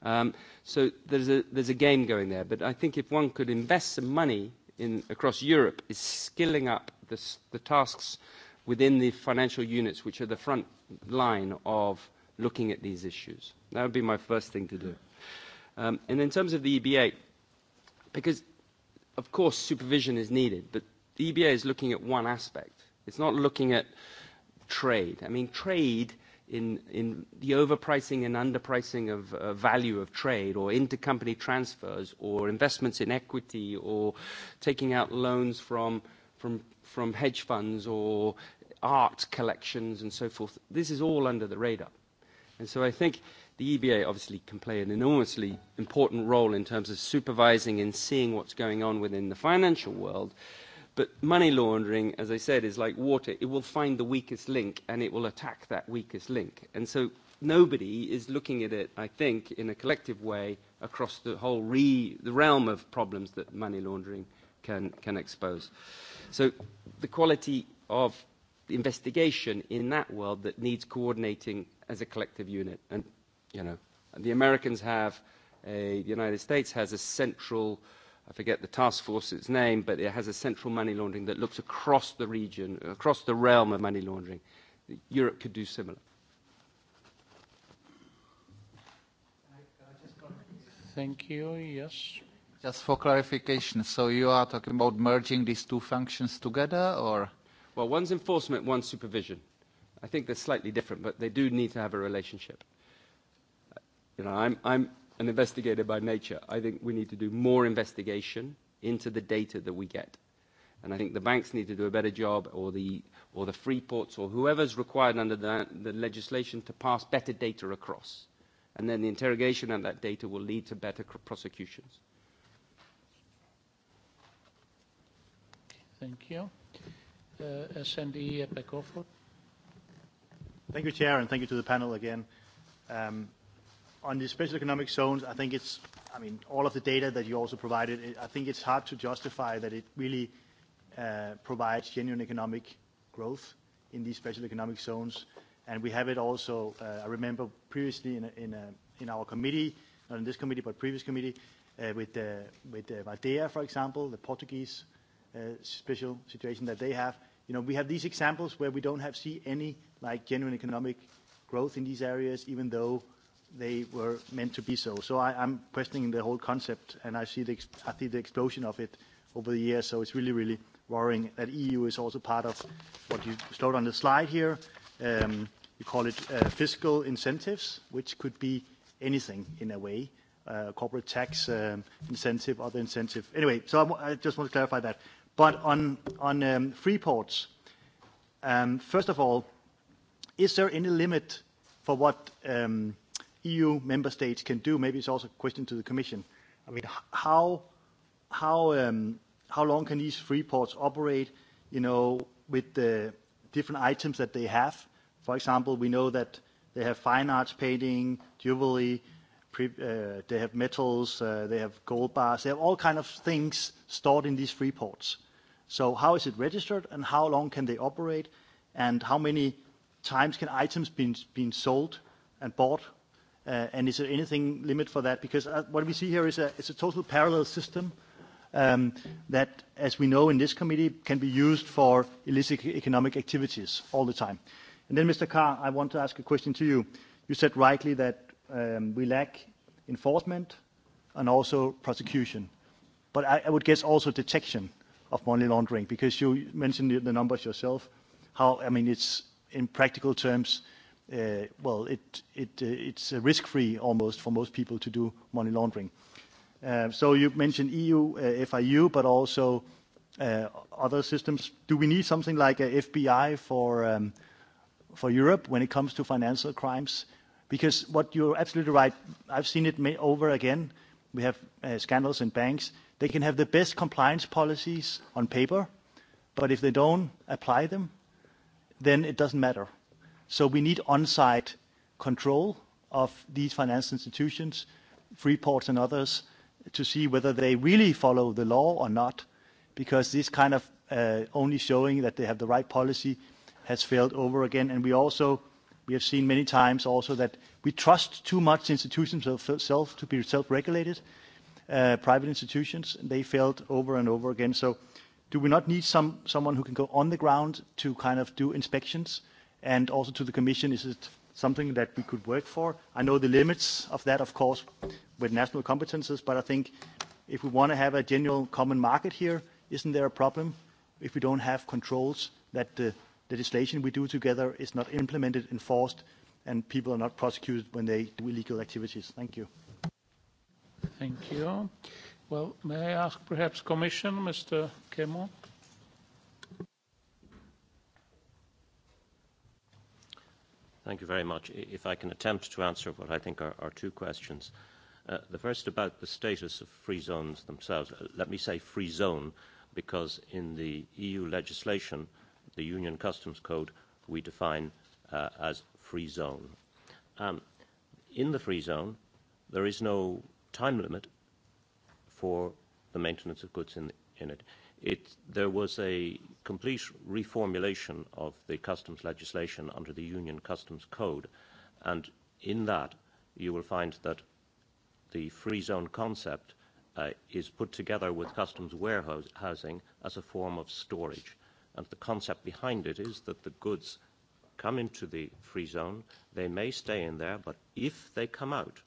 Um, so there's a, there's a game going there. But I think if one could invest some money in, across Europe, is skilling up this, the tasks within the financial units which are the front line of looking at these issues. That would be my first thing to do. Um, and in terms of the EBA, because of course supervision is needed, but the EBA is looking at one aspect. It's not looking at trade. I mean, trade in, in the overpricing and underpricing of uh, value of trade or intercompany transfers or investments in equity or taking out loans from uh, from, from hedge funds or art collections and so forth. This is all under the radar. And so I think the EBA obviously can play an enormously important role in terms of supervising and seeing what's going on within the financial world. But money laundering, as I said, is like water. It will find the weakest link and it will attack that weakest link. And so nobody is looking at it, I think, in a collective way across the whole re- the realm of problems that money laundering uh, can, can expose. So the quality of the investigation in that world that needs coordinating as a collective unit. And, you know, the Americans have, a, the United States has a central, I forget the task force's name, but it has a central money laundering that looks across the region, across the realm of money laundering. Europe could do similar. Thank you. Yes. Just for clarification, so you are talking about merging these two functions together, or? Well, one's enforcement, one's supervision. I think they're slightly different, but they do need to have a relationship. Uh, you know, I'm, I'm an investigator by nature. I think we need to do more investigation into the data that we get. And I think the banks need to do a better job, or the, or the free ports, or whoever's required under the, the legislation to pass better data across. And then the interrogation of that data will lead to better prosecutions. Thank you. Uh, SND Epe Kofod. Thank you, Chair, and thank you to the panel again. Um, on the special economic zones, I think it's, I mean, all of the data that you also provided, it, I think it's hard to justify that it really uh, provides genuine economic growth in these special economic zones. And we have it also, uh, I remember previously in, a, in, a, in our committee, not in this committee, but previous committee, uh, with, uh, with uh, Madeira, for example, the Portuguese Uh, special situation that they have. You know, we have these examples where we don't have see any, like, genuine economic growth in these areas, even though they were meant to be so. So I, I'm questioning the whole concept, and I see the, I see the explosion of it over the years, so it's really, really worrying that EU is also part of what you showed on the slide here. Um, you call it uh, fiscal incentives, which could be anything in a way, uh, corporate tax um, incentive, other incentive. Anyway, so I'm, I just want to clarify that. But on, on um, free ports, um, first of all, is there any limit for what um, EU member states can do? Maybe it's also a question to the Commission. I mean, how, how, um, how long can these free ports operate, you know, with the different items that they have? For example, we know that they have fine arts painting, jewelry, pre, uh, they have metals, uh, they have gold bars, they have all kind of things stored in these free ports. So how is it registered and how long can they operate and how many times can items be, be sold and bought? Uh, and is there anything limit for that? Because uh, what we see here is a, it's a total parallel system um, that, as we know in this committee, can be used for illicit e-, economic activities all the time. And then, Mr. Carr, I want to ask a question to you. You said rightly that Um, we lack enforcement and also prosecution. But I, I would guess also detection of money laundering, because you mentioned the, the numbers yourself. How, I mean, it's in practical terms, uh, well, it, it, uh, it's risk-free almost for most people to do money laundering. Uh, so you mentioned EU uh, FIU, but also uh, other systems. Do we need something like a FBI for, um, for Europe when it comes to financial crimes? Because what you're absolutely right, I've seen it over again. We have uh, scandals in banks. They can have the best compliance policies on paper, but if they don't apply them, then it doesn't matter. So we need on-site control of these financial institutions, Freeports and others, to see whether they really follow the law or not, because this kind of uh, only showing that they have the right policy has failed over again. And we also We have seen many times also that we trust too much institutions themselves to be self-regulated, uh, private institutions, and they failed over and over again. So do we not need some, someone who can go on the ground to kind of do inspections? And also to the commission, is it something that we could work for? I know the limits of that, of course, with national competences, but I think if we want to have a general common market here, isn't there a problem if we don't have controls that the uh, legislation we do together is not implemented, enforced, and people are not prosecuted when they do illegal activities. Thank you. Thank you. Well, may I ask perhaps Commission, Mr. Kemo? Thank you very much. If I can attempt to answer what I think are, are two questions. Uh, the first about the status of free zones themselves. Uh, let me say free zone because in the EU legislation, uh, the Union Customs Code, we define uh, as free zone. Um, in the free zone, there is no time limit for the maintenance of goods in, in it. it. There was a complete reformulation of the customs legislation under the Union Customs Code, and in that, you will find that the free zone concept uh, is put together with customs warehousing as a form of storage And the concept behind it is that the goods come into the free zone, they may stay in there, but if they come out,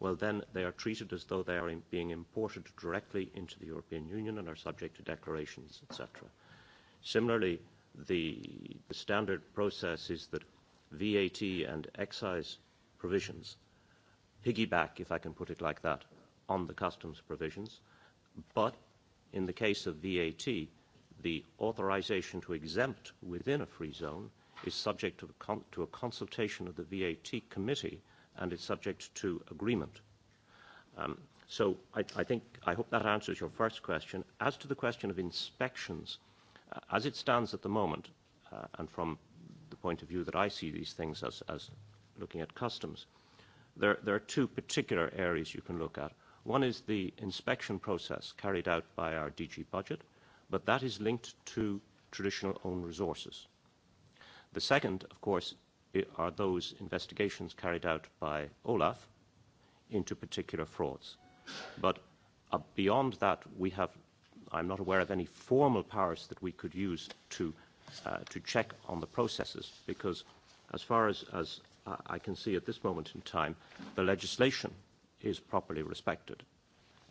well, then they are treated as though they are in, being imported directly into the European Union and are subject to declarations, etc. Similarly, the, the standard process is that VAT and excise provisions piggyback, if I can put it like that, on the customs provisions, but in the case of VAT, the authorization to exempt within a free zone is subject to, con to a consultation of the VAT committee and is subject to agreement. Um, so I, I think I hope that answers your first question. As to the question of inspections, uh, as it stands at the moment, uh, and from the point of view that I see these things as, as looking at customs, there, there are two particular areas you can look at. One is the inspection process carried out by our DG budget, but that is linked to traditional own resources. The second, of course, are those investigations carried out by Olaf into particular frauds. But uh, beyond that, we have, I'm not aware of any formal powers that we could use to, uh, to check on the processes, because as far as, as uh, I can see at this moment in time, the legislation is properly respected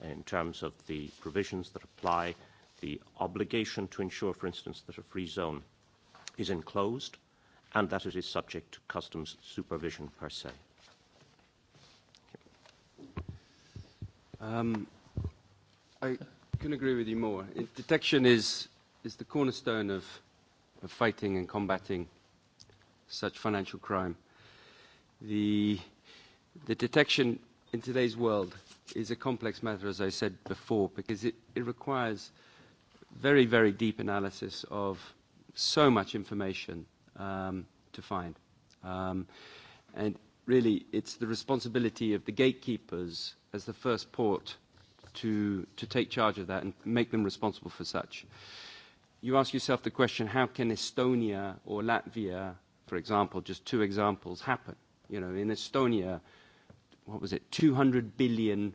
in terms of the provisions that apply uh, the obligation to ensure, for instance, that a free zone is enclosed and that it is subject to customs supervision per se. Um, I can agree with you more. It, detection is, is the cornerstone of, of fighting and combating such financial crime. The, the detection in today's world is a complex matter, as I said before, because it, it requires – very, very deep analysis of so much information um, to find. Um, and really, it's the responsibility of the gatekeepers as the first port to, to take charge of that and make them responsible for such. You ask yourself the question, how can Estonia or Latvia, for example, just two examples, happen? You know, in Estonia, what was it, $200 billion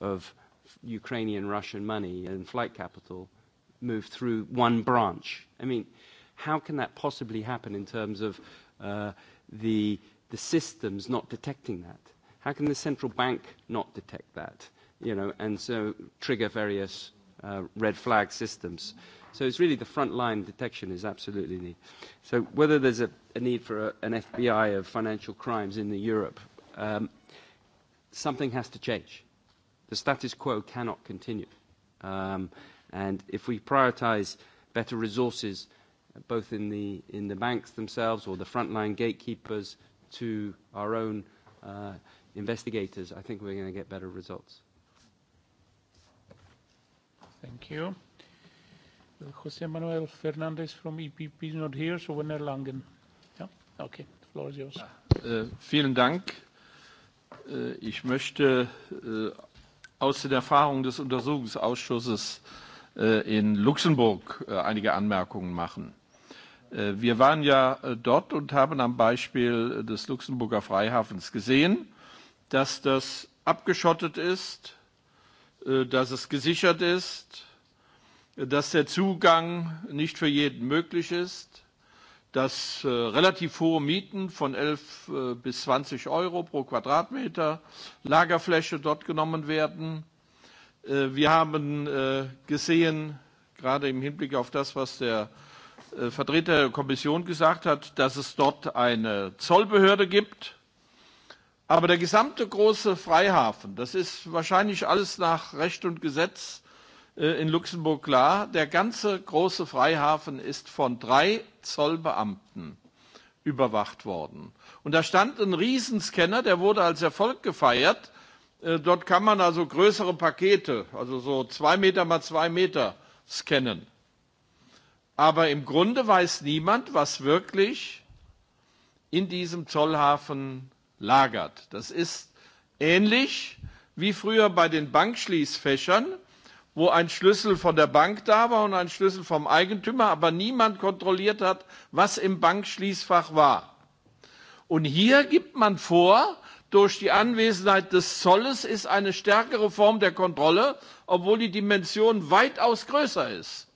of Ukrainian Russian money and flight capital move through one branch? I mean, how can that possibly happen in terms of uh, the the systems not detecting that? How can the central bank not detect that? You know, and so trigger various uh, red flag systems. So it's really the front line detection is absolutely needed. So whether there's a, a need for a, an FBI of financial crimes in the Europe, um, something has to change. The status quo cannot continue. Um, and if we prioritize better resources, both in the, in the banks themselves or the frontline gatekeepers to our own uh, investigators, I think we're going to get better results. Thank you. Well, Jose Manuel Fernandez from EPP is not here, so Werner Langen. Yeah? Okay, the floor is yours. Uh, vielen Dank. Uh, ich möchte uh, aus den Erfahrungen des Untersuchungsausschusses äh, in Luxemburg äh, einige Anmerkungen machen. Äh, wir waren ja dort und haben am Beispiel des Luxemburger Freihafens gesehen, dass das abgeschottet ist, dass es gesichert ist, dass der Zugang nicht für jeden möglich ist, dass äh, relativ hohe Mieten von 11 äh, bis 20 Euro pro Quadratmeter Lagerfläche dort genommen werden. Äh, wir haben äh, gesehen, gerade im Hinblick auf das, was der äh, Vertreter der Kommission gesagt hat, dass es dort eine Zollbehörde gibt. Aber der gesamte große Freihafen, das ist wahrscheinlich alles nach Recht und Gesetz Äh, in Luxemburg klar, der ganze große Freihafen ist von drei Zollbeamten überwacht worden. Und da stand ein Riesenscanner, der wurde als Erfolg gefeiert. Äh, dort kann man also größere Pakete, also so zwei Meter mal zwei Meter, scannen. Aber im Grunde weiß niemand, was wirklich in diesem Zollhafen lagert. Das ist ähnlich wie früher bei den Bankschließfächern wo ein Schlüssel von der Bank da war und ein Schlüssel vom Eigentümer, aber niemand kontrolliert hat, was im Bankschließfach war. Und hier gibt man vor, durch die Anwesenheit des Zolles ist eine stärkere Form der Kontrolle, obwohl die Dimension weitaus größer ist,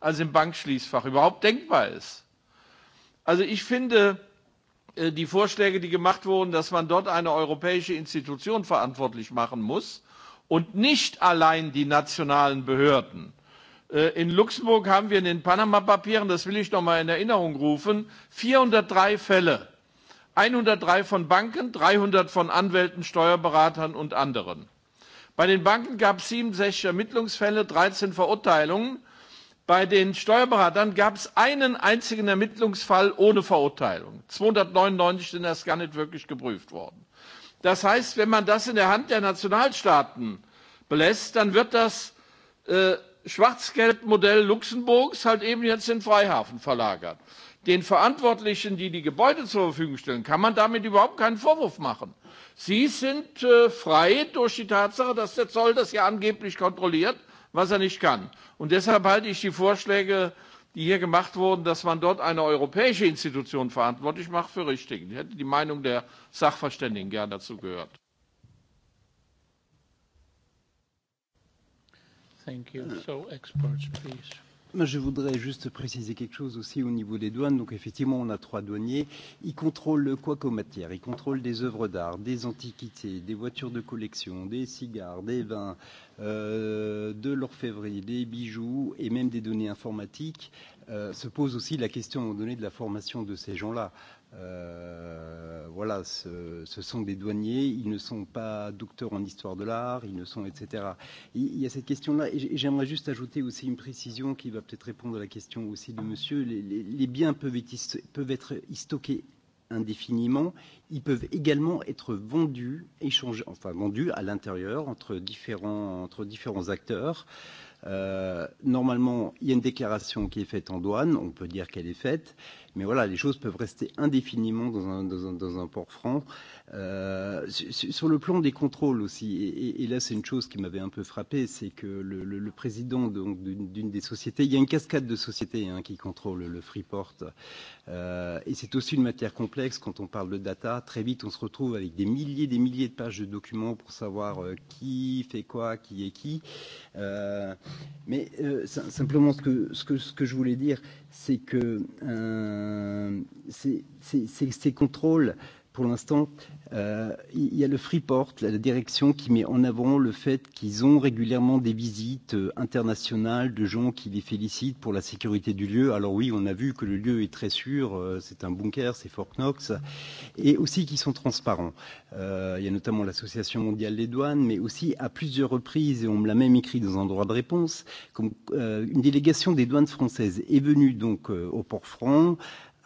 als im Bankschließfach überhaupt denkbar ist. Also ich finde äh, die Vorschläge, die gemacht wurden, dass man dort eine europäische Institution verantwortlich machen muss, und nicht allein die nationalen Behörden. Äh, in Luxemburg haben wir in den Panama-Papieren, das will ich noch mal in Erinnerung rufen, 403 Fälle. 103 von Banken, 300 von Anwälten, Steuerberatern und anderen. Bei den Banken gab es 67 Ermittlungsfälle, 13 Verurteilungen. Bei den Steuerberatern gab es einen einzigen Ermittlungsfall ohne Verurteilung. 299 sind erst gar nicht wirklich geprüft worden. Das heißt, wenn man das in der Hand der Nationalstaaten belässt, dann wird das äh, Schwarzgeldmodell Luxemburgs halt eben jetzt in Freihafen verlagert. Den Verantwortlichen, die die Gebäude zur Verfügung stellen, kann man damit überhaupt keinen Vorwurf machen. Sie sind äh, frei durch die Tatsache, dass der Zoll das ja angeblich kontrolliert, was er nicht kann. Und deshalb halte ich die Vorschläge äh, die hier gemacht wurden, dass man dort eine europäische Institution verantwortlich macht, für richtig. Ich hätte die Meinung der Sachverständigen gern dazu gehört. Thank you. So experts, please. Je voudrais juste préciser quelque chose aussi au niveau des douanes. Donc effectivement, on a trois douaniers. Ils contrôlent quoi qu'aux matières Ils contrôlent des œuvres d'art, des antiquités, des voitures de collection, des cigares, des vins, euh, de l'orfèvrerie, des bijoux et même des données informatiques. Euh, se pose aussi la question, à un moment donné, de la formation de ces gens-là. Euh, voilà, ce, ce sont des douaniers, ils ne sont pas docteurs en histoire de l'art, ils ne sont, etc. Il y a cette question-là, et j'aimerais juste ajouter aussi une précision qui va peut-être répondre à la question aussi de monsieur. Les, les, les biens peuvent être, peuvent être stockés indéfiniment. Ils peuvent également être vendus, échangés, enfin vendus à l'intérieur entre différents, entre différents acteurs. Euh, normalement, il y a une déclaration qui est faite en douane, on peut dire qu'elle est faite. Euh, Mais voilà, les choses peuvent rester indéfiniment dans un, dans un, dans un port franc. Euh, sur le plan des contrôles aussi, et, et là c'est une chose qui m'avait un peu frappé, c'est que le, le, le président d'une de, des sociétés, il y a une cascade de sociétés hein, qui contrôle le Freeport, euh, et c'est aussi une matière complexe quand on parle de data. Très vite, on se retrouve avec des milliers, des milliers de pages de documents pour savoir euh, qui fait quoi, qui est qui. Euh, mais euh, simplement, ce que, ce, que, ce que je voulais dire, c'est que euh, euh, ces, ces, ces, ces contrôles pour l'instant, euh, il y a le Freeport, la direction qui met en avant le fait qu'ils ont régulièrement des visites euh, internationales de gens qui les félicitent pour la sécurité du lieu. Alors oui, on a vu que le lieu est très sûr, euh, c'est un bunker, c'est Fort Knox, et aussi qu'ils sont transparents. Euh, il y a notamment l'Association mondiale des douanes, mais aussi à plusieurs reprises, et on me l'a même écrit dans un droit de réponse, comme, euh, une délégation des douanes françaises est venue donc euh, au Port-Franc,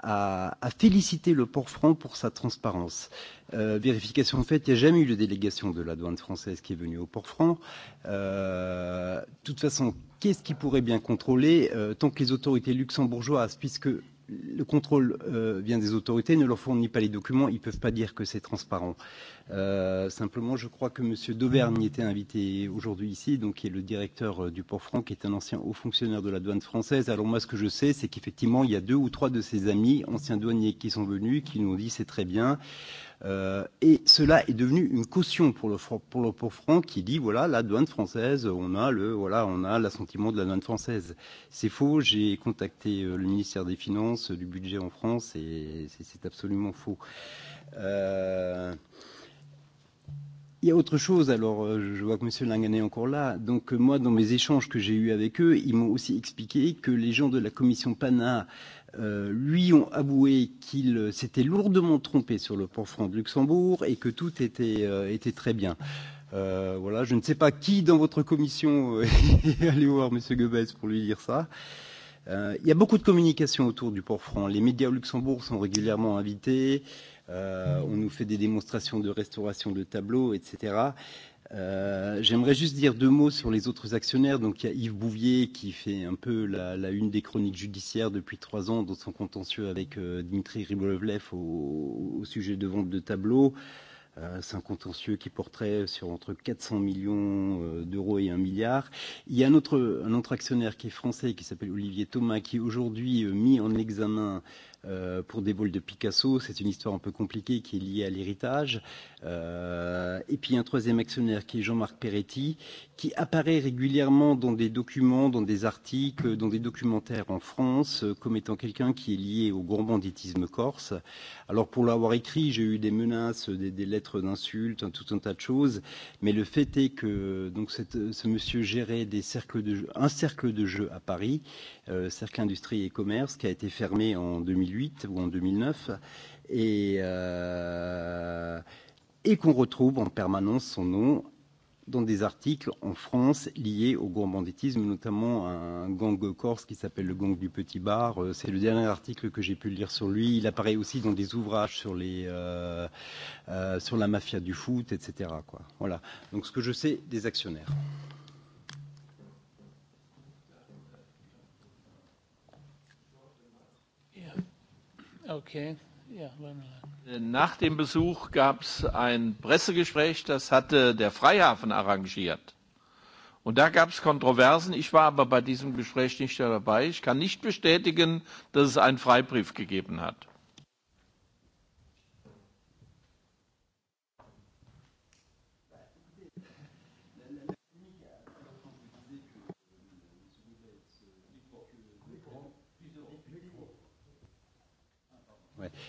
à, à féliciter le port franc pour sa transparence. Euh, vérification en fait, il n'y a jamais eu de délégation de la douane française qui est venue au port franc. De euh, toute façon, qu'est-ce qui pourrait bien contrôler euh, tant que les autorités luxembourgeoises, puisque le contrôle euh, vient des autorités, ne leur fournit pas les documents, ils ne peuvent pas dire que c'est transparent. Euh, simplement, je crois que M. Dauvergne était invité aujourd'hui ici, donc qui est le directeur euh, du port franc, qui est un ancien haut fonctionnaire de la douane française. Alors moi, ce que je sais, c'est qu'effectivement, il y a deux ou trois de ses amis, anciens douaniers, qui sont venus, qui nous ont dit c'est très bien, Euh, et cela est devenu une caution pour le pour le pour franc qui dit voilà la douane française, on a le voilà on a l'assentiment de la douane française. C'est faux. J'ai contacté euh, le ministère des Finances, euh, du budget en France et c'est absolument faux. Euh, il y a autre chose, alors euh, je vois que M. Langan est encore là. Donc moi, dans mes échanges que j'ai eus avec eux, ils m'ont aussi expliqué que les gens de la commission PANA euh, lui ont avoué qu'ils s'étaient lourdement trompés sur le port franc de Luxembourg et que tout était, euh, était très bien. Euh, voilà, je ne sais pas qui dans votre commission euh, [LAUGHS] est allé voir M. Goebbels pour lui dire ça. Euh, il y a beaucoup de communication autour du port franc. Les médias au Luxembourg sont régulièrement invités. Euh, on nous fait des démonstrations de restauration de tableaux, etc. Euh, J'aimerais juste dire deux mots sur les autres actionnaires. Donc il y a Yves Bouvier qui fait un peu la, la une des chroniques judiciaires depuis trois ans dans son contentieux avec euh, Dmitri Ribolovlev au, au sujet de vente de tableaux. Euh, C'est un contentieux qui porterait sur entre 400 millions euh, d'euros et 1 milliard. Il y a un autre, un autre actionnaire qui est français, qui s'appelle Olivier Thomas, qui est aujourd'hui euh, mis en examen Euh, pour des boules de Picasso, c'est une histoire un peu compliquée qui est liée à l'héritage. Euh, et puis un troisième actionnaire qui est Jean-Marc Peretti, qui apparaît régulièrement dans des documents, dans des articles, dans des documentaires en France, euh, comme étant quelqu'un qui est lié au grand banditisme corse. Alors pour l'avoir écrit, j'ai eu des menaces, des, des lettres d'insultes, un, tout un tas de choses. Mais le fait est que donc cette, ce monsieur gérait des cercles de jeu, un cercle de jeu à Paris, euh, cercle industrie et commerce, qui a été fermé en 2008 2008 ou en 2009 et, euh, et qu'on retrouve en permanence son nom dans des articles en France liés au gourmandisme, notamment un gang corse qui s'appelle le gang du petit bar. Euh, c'est le dernier article que j'ai pu lire sur lui. Il apparaît aussi dans des ouvrages sur les euh, euh, sur la mafia du foot, etc. Quoi. Voilà. Donc ce que je sais des actionnaires. Okay. Ja, äh, Nach dem Besuch gab es ein Pressegespräch, das hatte der Freihafen arrangiert. Und da gab es Kontroversen. Ich war aber bei diesem Gespräch nicht dabei. Ich kann nicht bestätigen, dass es einen Freibrief gegeben hat.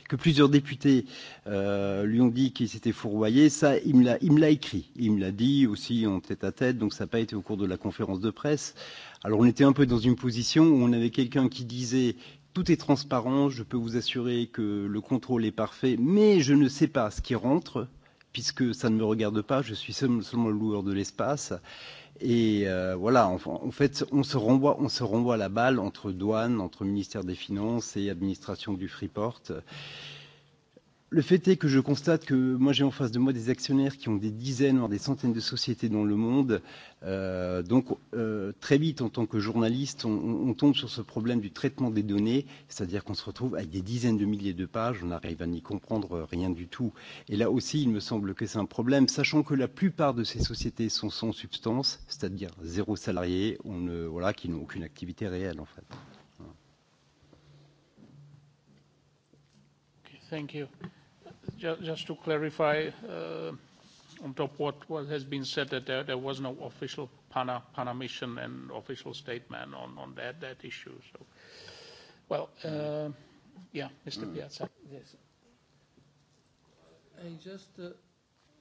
que plusieurs députés euh, lui ont dit qu'il s'était fourvoyé. Ça, il me l'a écrit. Il me l'a dit aussi en tête à tête, donc ça n'a pas été au cours de la conférence de presse. Alors on était un peu dans une position où on avait quelqu'un qui disait tout est transparent, je peux vous assurer que le contrôle est parfait, mais je ne sais pas ce qui rentre, puisque ça ne me regarde pas, je suis seul, seulement le loueur de l'espace. Et euh, voilà, en, en fait, on se renvoie, on se renvoie la balle entre douane, entre ministère des Finances et administration du Freeport. Euh, Le fait est que je constate que moi j'ai en face de moi des actionnaires qui ont des dizaines, voire des centaines de sociétés dans le monde. Euh, donc euh, très vite, en tant que journaliste, on, on tombe sur ce problème du traitement des données, c'est-à-dire qu'on se retrouve avec des dizaines de milliers de pages, on n'arrive à n'y comprendre rien du tout. Et là aussi, il me semble que c'est un problème, sachant que la plupart de ces sociétés sont sans substance, c'est-à-dire zéro salarié, on ne, voilà, qui n'ont aucune activité réelle en fait. Thank you. Just, just to clarify uh, on top what, what has been said, that there, there was no official PANA, PANA mission and official statement on, on that, that issue. So, well, uh, mm. yeah, Mr. Mm. Piazza. Yes. I just uh,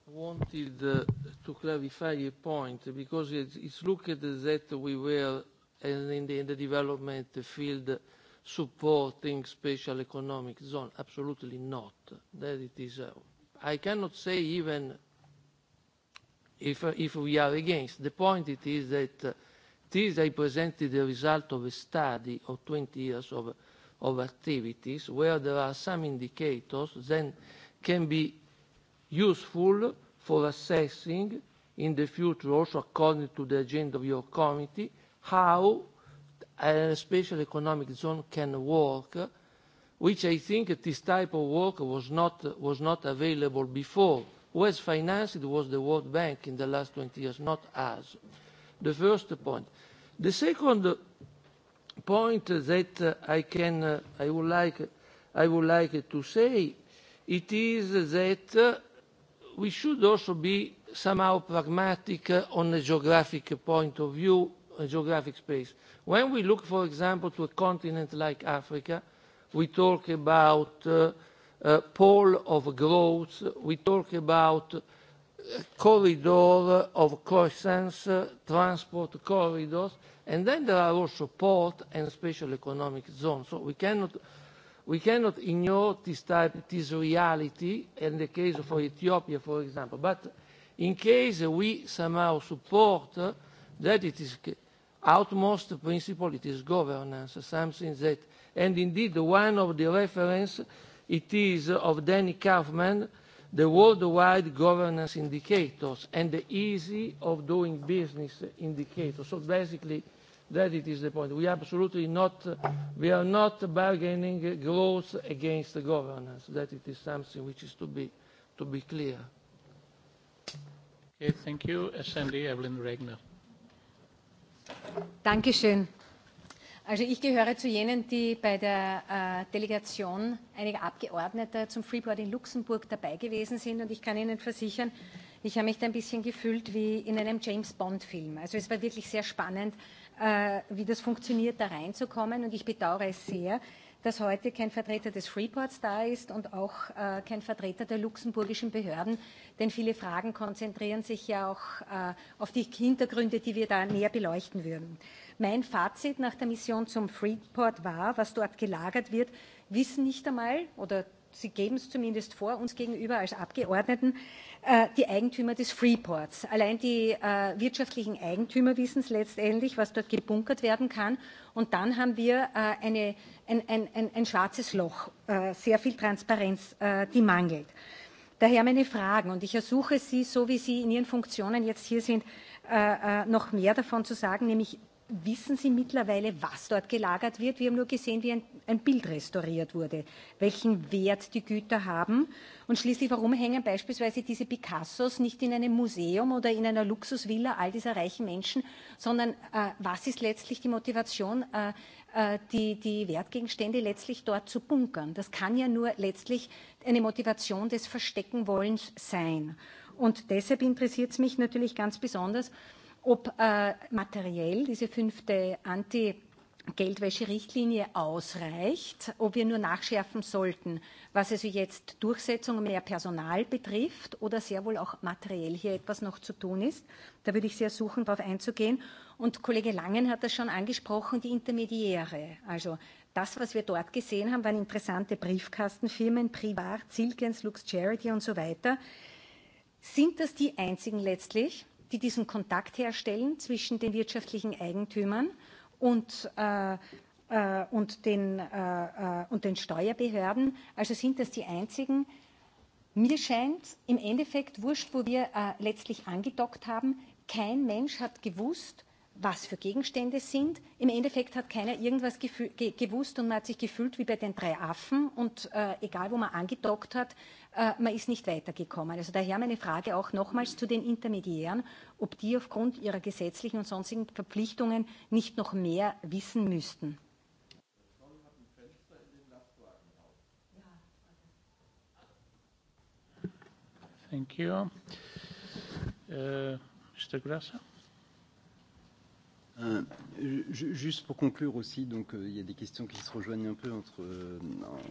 wanted uh, to clarify a point because it's, it's looked at that we were uh, in the, in the development field supporting special economic zone. Absolutely not. That it is, uh, I cannot say even if, uh, if we are against. The point it is that uh, these represented the result of a study of 20 years of, of activities where there are some indicators that can be useful for assessing in the future also according to the agenda of your committee how a special economic zone can work, which I think this type of work was not, was not available before. Who has financed it was the World Bank in the last 20 years, not us. The first point. The second point that I, can, I, would, like, I would like to say, it is that we should also be somehow pragmatic on a geographic point of view geographic space. When we look, for example, to a continent like Africa, we talk about uh, uh, pole of growth, we talk about corridor of croissants, uh, transport corridors, and then there are also port and special economic zones. So we cannot, we cannot ignore this type, this reality, in the case for Ethiopia, for example. But in case we somehow support uh, that it is outmost principle, it is governance, something that, and indeed one of the reference, it is of Danny Kaufman, the worldwide governance indicators and the easy of doing business indicators. So basically, that it is the point. We absolutely not, we are not bargaining growth against the governance. That it is something which is to be, to be clear. Okay, thank you. SND, Evelyn Regner. Dankeschön. Also ich gehöre zu jenen, die bei der äh, Delegation einiger Abgeordneter zum Freeboard in Luxemburg dabei gewesen sind. Und ich kann Ihnen versichern, ich habe mich da ein bisschen gefühlt wie in einem James-Bond-Film. Also es war wirklich sehr spannend, äh, wie das funktioniert, da reinzukommen. Und ich bedauere es sehr, dass heute kein Vertreter des Freeports da ist und auch äh, kein Vertreter der luxemburgischen Behörden, denn viele Fragen konzentrieren sich ja auch äh, auf die Hintergründe, die wir da näher beleuchten würden. Mein Fazit nach der Mission zum Freeport war, was dort gelagert wird, wissen nicht einmal oder Sie geben es zumindest vor, uns gegenüber als Abgeordneten, äh, die Eigentümer des Freeports. Allein die äh, wirtschaftlichen Eigentümer wissen es letztendlich, was dort gebunkert werden kann. Und dann haben wir äh, eine, ein, ein, ein, ein schwarzes Loch, äh, sehr viel Transparenz, äh, die mangelt. Daher meine Fragen. Und ich ersuche Sie, so wie Sie in Ihren Funktionen jetzt hier sind, äh, äh noch mehr davon zu sagen, nämlich Wissen Sie mittlerweile, was dort gelagert wird? Wir haben nur gesehen, wie ein, ein Bild restauriert wurde, welchen Wert die Güter haben. Und schließlich, warum hängen beispielsweise diese Picassos nicht in einem Museum oder in einer Luxusvilla all dieser reichen Menschen, sondern äh, was ist letztlich die Motivation, äh, äh, die, die Wertgegenstände letztlich dort zu bunkern? Das kann ja nur letztlich eine Motivation des Versteckenwollens sein. Und deshalb interessiert es mich natürlich ganz besonders, äh, ob äh, materiell diese fünfte Anti- Geldwäscherichtlinie ausreicht, ob wir nur nachschärfen sollten, was also jetzt Durchsetzung mehr Personal betrifft oder sehr wohl auch materiell hier etwas noch zu tun ist. Da würde ich sehr suchen, darauf einzugehen. Und Kollege Langen hat das schon angesprochen, die Intermediäre. Also das, was wir dort gesehen haben, waren interessante Briefkastenfirmen, Privat, Silkens, Lux Charity und so weiter. Sind das die einzigen letztlich, die diesen Kontakt herstellen zwischen den wirtschaftlichen Eigentümern und, äh, äh, und, den, äh, äh, und den Steuerbehörden. Also sind das die einzigen. Mir scheint im Endeffekt, wurscht, wo wir äh, letztlich angedockt haben, kein Mensch hat gewusst, was für Gegenstände sind. Im Endeffekt hat keiner irgendwas ge gewusst und man hat sich gefühlt wie bei den drei Affen und äh, egal wo man angedockt hat, Äh, man ist nicht weitergekommen. Also daher meine Frage auch nochmals zu den Intermediären, ob die aufgrund ihrer gesetzlichen und sonstigen Verpflichtungen nicht noch mehr wissen müssten. Thank you. Uh, äh, Mr. Grasser. Euh, juste pour conclure aussi, donc euh, il y a des questions qui se rejoignent un peu entre, euh,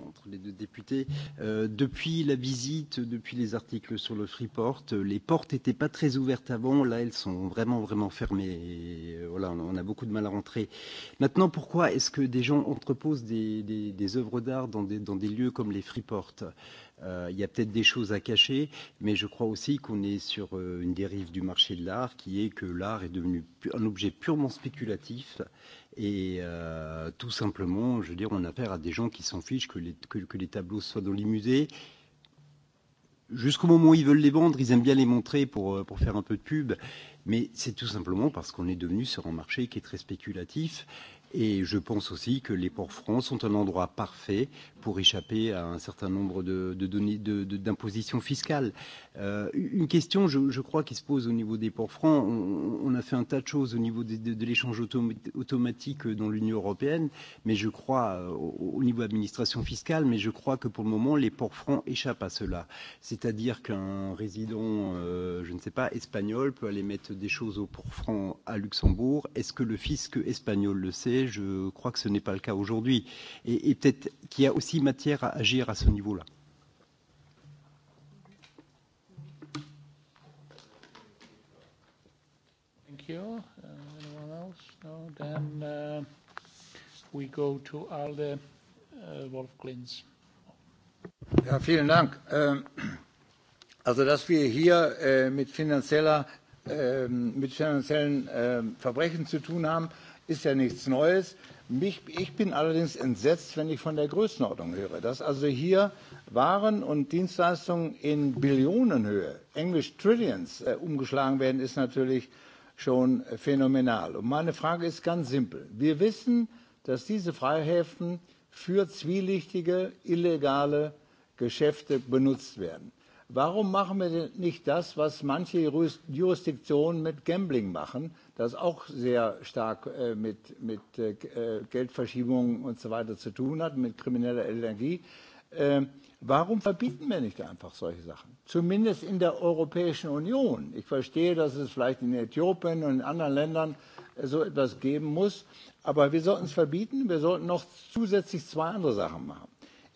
entre les deux députés. Euh, depuis la visite, depuis les articles sur le Freeport, euh, les portes n'étaient pas très ouvertes avant. Là, elles sont vraiment, vraiment fermées. Et, euh, voilà, on a beaucoup de mal à rentrer. Maintenant, pourquoi est-ce que des gens entreposent des, des, des œuvres d'art dans des, dans des lieux comme les Freeport euh, Euh, il y a peut-être des choses à cacher, mais je crois aussi qu'on est sur euh, une dérive du marché de l'art qui est que l'art est devenu un objet purement spéculatif et euh, tout simplement, je veux dire, on a affaire à des gens qui s'en fichent que les, que, que les tableaux soient dans les musées. Jusqu'au moment où ils veulent les vendre, ils aiment bien les montrer pour, euh, pour faire un peu de pub. Mais c'est tout simplement parce qu'on est devenu sur un marché qui est très spéculatif. Et je pense aussi que les ports francs sont un endroit parfait pour échapper à un certain nombre de, de données d'imposition de, de, fiscale. Euh, une question, je, je crois, qui se pose au niveau des ports francs. On, on a fait un tas de choses au niveau de, de, de l'échange autom automatique dans l'Union européenne, mais je crois, euh, au, au niveau administration fiscale, mais je crois que pour le moment, les ports francs échappent à cela. C'est-à-dire qu'un résident, euh, je ne sais pas, espagnol peut aller mettre des choses aux ports francs à Luxembourg. Est-ce que le fisc espagnol le sait savez, je crois que ce n'est pas le cas aujourd'hui. Et, et peut-être qu'il y a aussi matière à agir à ce niveau-là. Thank you. Uh, anyone else? No? Then uh, we go to Alde uh, Wolf Klins. Ja, vielen Dank. Ähm, also, dass wir hier äh, mit finanzieller ähm, mit finanziellen ähm, Verbrechen zu tun haben, ist ja nichts Neues. Mich, ich bin allerdings entsetzt, wenn ich von der Größenordnung höre, dass also hier Waren und Dienstleistungen in Billionenhöhe, Englisch Trillions, äh, umgeschlagen werden, ist natürlich schon phänomenal. Und meine Frage ist ganz simpel. Wir wissen, dass diese Freihäfen für zwielichtige, illegale Geschäfte benutzt werden. Warum machen wir nicht das, was manche Jurisdiktionen mit Gambling machen, das auch sehr stark äh, mit, mit äh, äh Geldverschiebungen und so weiter zu tun hat, mit krimineller Energie? Äh, warum verbieten wir nicht einfach solche Sachen? Zumindest in der Europäischen Union. Ich verstehe, dass es vielleicht in Äthiopien und in anderen Ländern äh, so etwas geben muss, aber wir sollten es verbieten. Wir sollten noch zusätzlich zwei andere Sachen machen.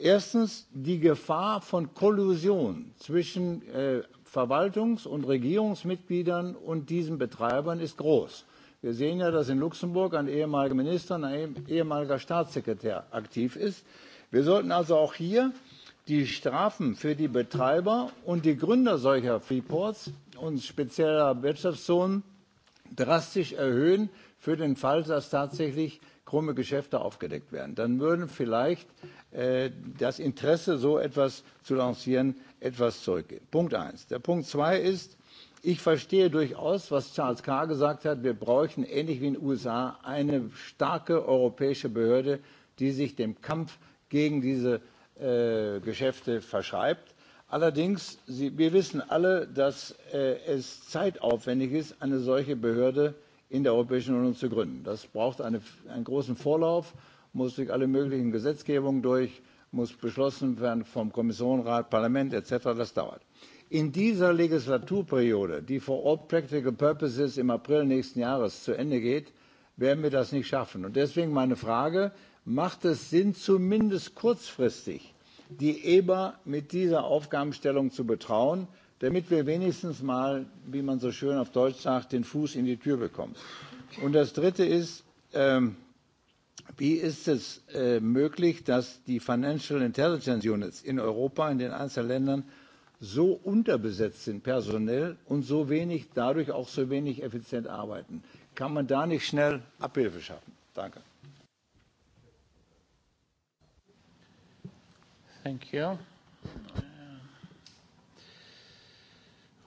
Erstens die Gefahr von Kollusion zwischen äh, Verwaltungs- und Regierungsmitgliedern und diesen Betreibern ist groß. Wir sehen ja, dass in Luxemburg ein ehemaliger Minister, ein eh-, ehemaliger Staatssekretär aktiv ist. Wir sollten also auch hier die Strafen für die Betreiber und die Gründer solcher Freeports und spezieller Wirtschaftszonen drastisch erhöhen für den Fall, dass tatsächlich krumme Geschäfte aufgedeckt werden, dann würden vielleicht äh, das Interesse, so etwas zu lancieren, etwas zurückgehen. Punkt eins. Der Punkt zwei ist, ich verstehe durchaus, was Charles Carr gesagt hat, wir bräuchten ähnlich wie in den USA eine starke europäische Behörde, die sich dem Kampf gegen diese äh, Geschäfte verschreibt. Allerdings, Sie, wir wissen alle, dass äh, es zeitaufwendig ist, eine solche Behörde äh, in der Europäischen Union zu gründen. Das braucht eine, einen großen Vorlauf, muss durch alle möglichen Gesetzgebungen durch, muss beschlossen werden vom Kommission, Rat, Parlament etc. Das dauert. In dieser Legislaturperiode, die for all practical purposes im April nächsten Jahres zu Ende geht, werden wir das nicht schaffen. Und deswegen meine Frage, macht es Sinn, zumindest kurzfristig die EBA mit dieser Aufgabenstellung zu betrauen, damit wir wenigstens mal, wie man so schön auf Deutsch sagt, den Fuß in die Tür bekommen. Und das Dritte ist, ähm, wie ist es äh, möglich, dass die Financial Intelligence Units in Europa, in den einzelnen Ländern, so unterbesetzt sind personell und so wenig, dadurch auch so wenig effizient arbeiten? Kann man da nicht schnell Abhilfe schaffen? Danke. Thank you.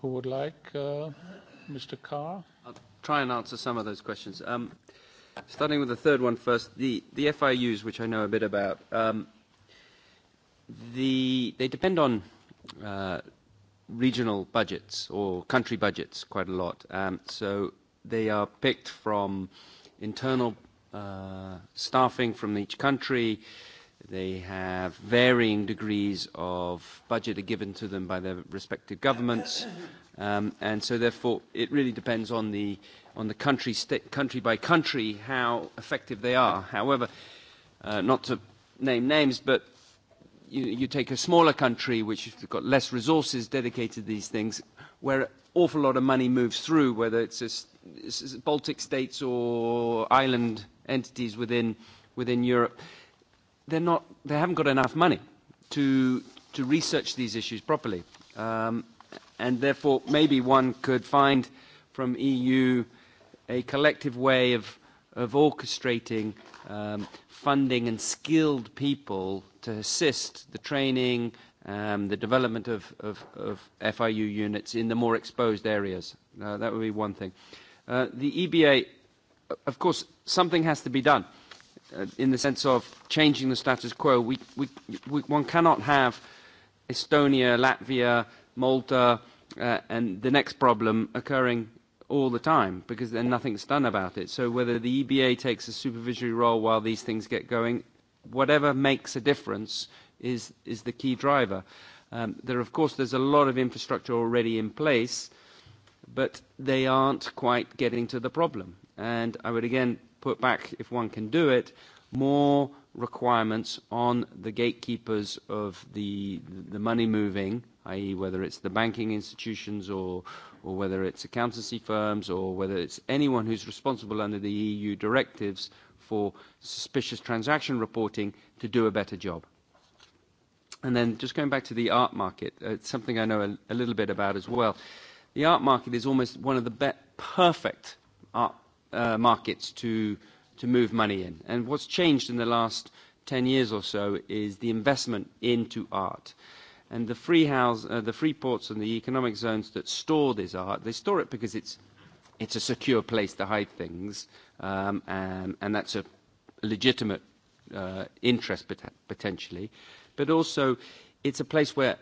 Who would like? Uh, Mr. Carr? I'll try and answer some of those questions. Um, starting with the third one first, the, the FIUs, which I know a bit about, um, the, they depend on uh, regional budgets or country budgets quite a lot. Um, so they are picked from internal uh, staffing from each country, uh, They have varying degrees of budget are given to them by their respective governments, um, and so therefore it really depends on the on the country state, country by country how effective they are. However, uh, not to name names, but you, you take a smaller country which has got less resources dedicated to these things, where an awful lot of money moves through, whether it's, a, it's Baltic states or island entities within within Europe. Uh, they're not, they haven't got enough money to, to research these issues properly. Um, and therefore, maybe one could find from EU a collective way of, of orchestrating um, funding and skilled people to assist the training, um, the development of, of, of FIU units in the more exposed areas. Uh, that would be one thing. Uh, the EBA, of course, something has to be done. Uh, uh, in the sense of changing the status quo. We, we, we, one cannot have Estonia, Latvia, Malta, uh, and the next problem occurring all the time because then nothing's done about it. So whether the EBA takes a supervisory role while these things get going, whatever makes a difference is, is the key driver. Um, there, of course, there's a lot of infrastructure already in place, but they aren't quite getting to the problem. And I would again put back, if one can do it, more requirements on the gatekeepers of the, the money moving, i.e. whether it's the banking institutions or, or whether it's accountancy firms or whether it's anyone who's responsible under the EU directives for suspicious transaction reporting to do a better job. And then just going back to the art market, uh, it's something I know a, a little bit about as well. The art market is almost one of the be- perfect art uh, markets to, to move money in. And what's changed in the last 10 years or so is the investment into art. And the free, house, uh, the free ports and the economic zones that store this art, they store it because it's, it's a secure place to hide things, um, and, and that's a legitimate uh, interest pot- potentially. But also, it's a place where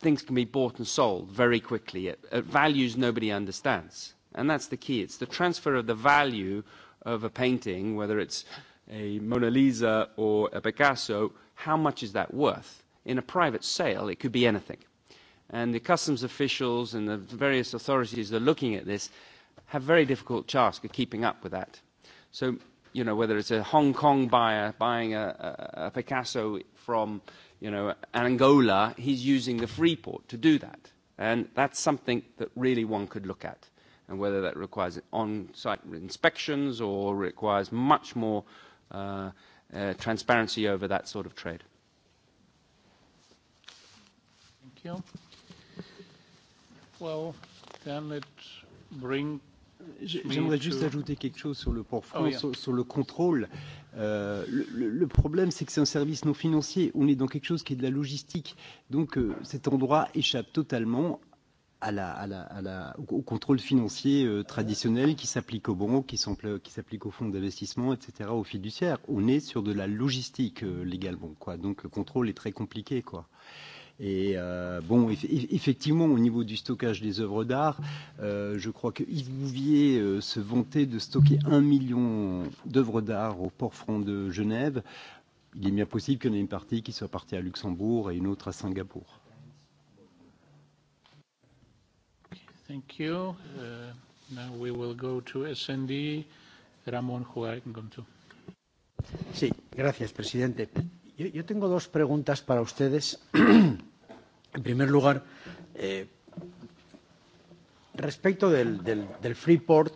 things can be bought and sold very quickly at, at values nobody understands. And that's the key. It's the transfer of the value of a painting, whether it's a Mona Lisa or a Picasso, how much is that worth? In a private sale, it could be anything. And the customs officials and the various authorities that are looking at this have very difficult task of keeping up with that. So, you know, whether it's a Hong Kong buyer buying a, a, a Picasso from, you know, Angola, he's using the free port to do that. And that's something that really one could look at and whether that requires on-site inspections or requires much more uh, uh, transparency over that sort of trade. Thank you. Well, then it brings J'aimerais juste ajouter quelque chose sur le port France, oh, yeah. sur, sur le contrôle. Euh, le, le problème, c'est que c'est un service non financier. On est dans quelque chose qui est de la logistique. Donc euh, cet endroit échappe totalement à la, à la, à la, au, au contrôle financier euh, traditionnel qui s'applique aux banques, qui s'applique aux fonds d'investissement, etc., aux fiduciaires. On est sur de la logistique euh, légalement, quoi. Donc le contrôle est très compliqué, quoi. Et euh, bon, eff effectivement, au niveau du stockage des œuvres d'art, euh, je crois que Yves Bouvier euh, se vantait de stocker un million d'œuvres d'art au port franc de Genève. Il est bien possible qu'il y en ait une partie qui soit partie à Luxembourg et une autre à Singapour. Thank you. Uh, now we will go to S&D. Ramón Juárez-Gontú. Sí, gracias, presidente. Yo, yo tengo dos preguntas para ustedes. [CLEARS THROAT] en primer lugar, eh, respecto del, del, del Freeport,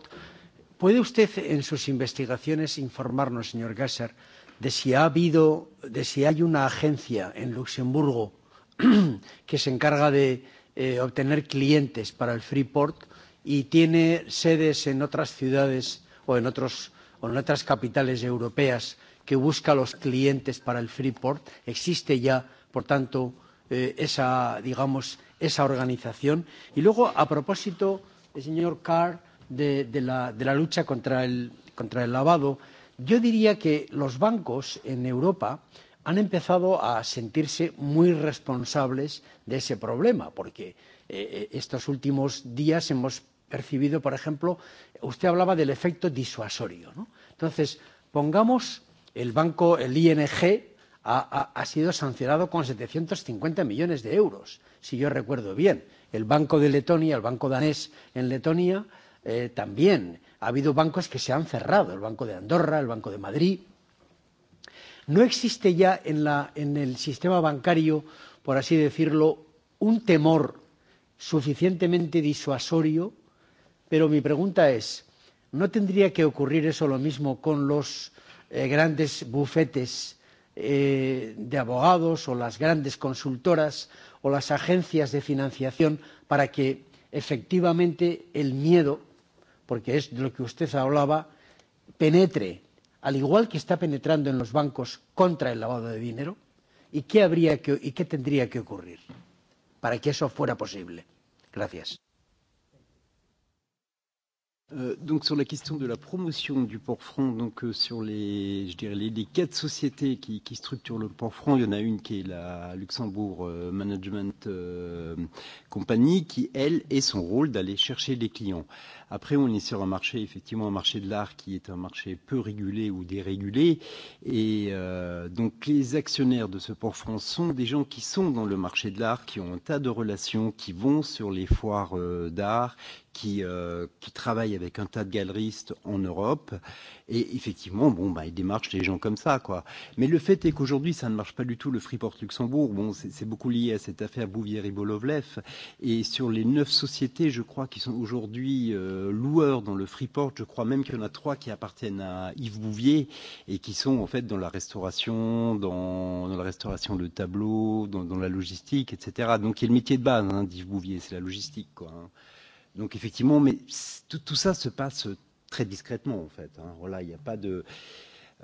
¿puede usted en sus investigaciones informarnos, señor Gasser, de si ha habido, de si hay una agencia en Luxemburgo [CLEARS THROAT] que se encarga de eh, obtener clientes para el Freeport y tiene sedes en otras ciudades o en, otros, o en otras capitales europeas que busca los clientes para el Freeport. Existe ya, por tanto, eh, esa, digamos, esa organización. Y luego, a propósito, el señor Carr, de, de, la, de la lucha contra el, contra el lavado, yo diría que los bancos en Europa eh, han empezado a sentirse muy responsables de ese problema, porque eh, eh, estos últimos días hemos percibido, por ejemplo, usted hablaba del efecto disuasorio. ¿no? Entonces, pongamos el banco, el ING, ha, ha, ha sido sancionado con 750 millones de euros, si yo recuerdo bien. El Banco de Letonia, el Banco danés en Letonia, eh, también. Ha habido bancos que se han cerrado, el Banco de Andorra, el Banco de Madrid. ¿No existe ya en, la, en el sistema bancario, por así decirlo, un temor suficientemente disuasorio? Pero mi pregunta es, ¿no tendría que ocurrir eso lo mismo con los eh, grandes bufetes eh, de abogados o las grandes consultoras o las agencias de financiación para que efectivamente el miedo, porque es de lo que usted hablaba, penetre al igual que está penetrando en los bancos contra el lavado de dinero? ¿Y qué, habría que, y qué tendría que ocurrir para que eso fuera posible? Gracias. Euh, donc sur la question de la promotion du port franc, donc euh, sur les, je dirais les, les quatre sociétés qui, qui structurent le port franc, il y en a une qui est la Luxembourg euh, Management euh, Company, qui elle est son rôle d'aller chercher les clients. Après, on est sur un marché, effectivement, un marché de l'art qui est un marché peu régulé ou dérégulé. Et euh, donc, les actionnaires de ce port France sont des gens qui sont dans le marché de l'art, qui ont un tas de relations, qui vont sur les foires euh, d'art, qui, euh, qui travaillent avec un tas de galeristes en Europe Et effectivement, bon, bah, ils démarchent les gens comme ça, quoi. Mais le fait est qu'aujourd'hui, ça ne marche pas du tout, le Freeport Luxembourg. Bon, c'est beaucoup lié à cette affaire Bouvier-Ribolovlev. Et sur les neuf sociétés, je crois, qui sont aujourd'hui euh, loueurs dans le Freeport, je crois même qu'il y en a trois qui appartiennent à Yves Bouvier et qui sont, en fait, dans la restauration, dans, dans la restauration de tableaux, dans, dans la logistique, etc. Donc, il y a le métier de base hein, d'Yves Bouvier, c'est la logistique, quoi. Hein. Donc effectivement, mais tout, tout ça se passe très discrètement en fait. Hein. Voilà, il n'y a pas de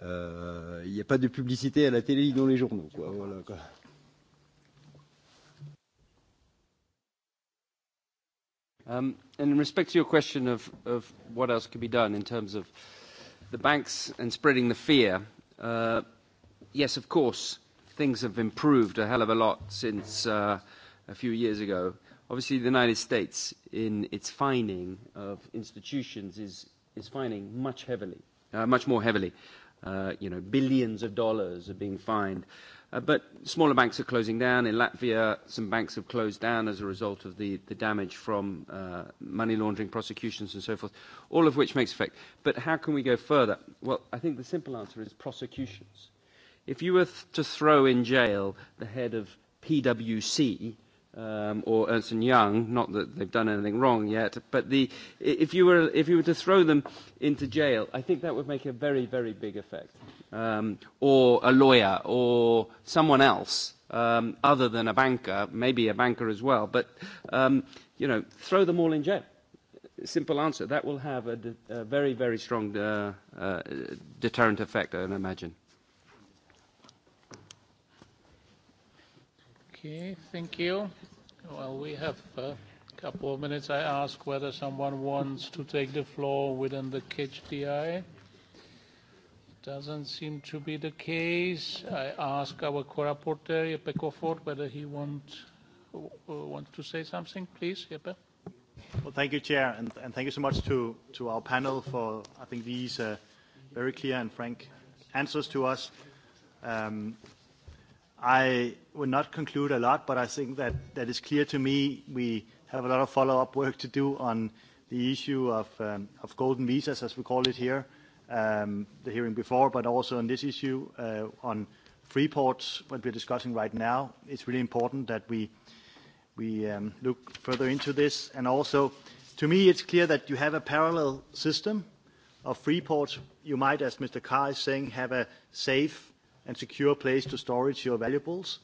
euh, il euh, n'y a pas de publicité à la télé ni dans les journaux. Quoi. Voilà, quoi. Um, and in respect to your question of, of what else could be done in terms of the banks and spreading the fear, uh, yes, of course, things have improved a hell of a lot since uh, a few years ago. Obviously, the United States, in its finding of institutions, is is fining much heavily, uh, much more heavily. Uh, you know, billions of dollars are being fined. Uh, but smaller banks are closing down. In Latvia, some banks have closed down as a result of the, the damage from uh, money laundering prosecutions and so forth, all of which makes effect. But how can we go further? Well, I think the simple answer is prosecutions. If you were th- to throw in jail the head of PwC, um, or Ernst & Young, not that they've done anything wrong yet, but the, if, you were, if you were to throw them into jail, I think that would make a very, very big effect. Um, or a lawyer, or someone else um, other than a banker, maybe a banker as well, but, um, you know, throw them all in jail. Simple answer. That will have a, de- a very, very strong uh, uh, deterrent effect, I imagine. Okay, thank you. Well, we have a couple of minutes. I ask whether someone wants to take the floor within the catch the eye. Doesn't seem to be the case. I ask our co-rapporteur, Jeppe Kofod, whether he want, uh, wants to say something, please, Jeppe. Well, thank you, Chair, and, and thank you so much to, to our panel for, I think, these uh, very clear and frank answers to us. Um, I will not conclude a lot, but I think that, that is clear to me. We have a lot of follow-up work to do on the issue of, um, of golden visas, as we call it here, um, the hearing before, but also on this issue uh, on free ports, what we're discussing right now. It's really important that we, we um, look further into this. And also, to me, it's clear that you have a parallel system of free ports. You might, as Mr. Carr is saying, have a safe and secure place to storage your valuables,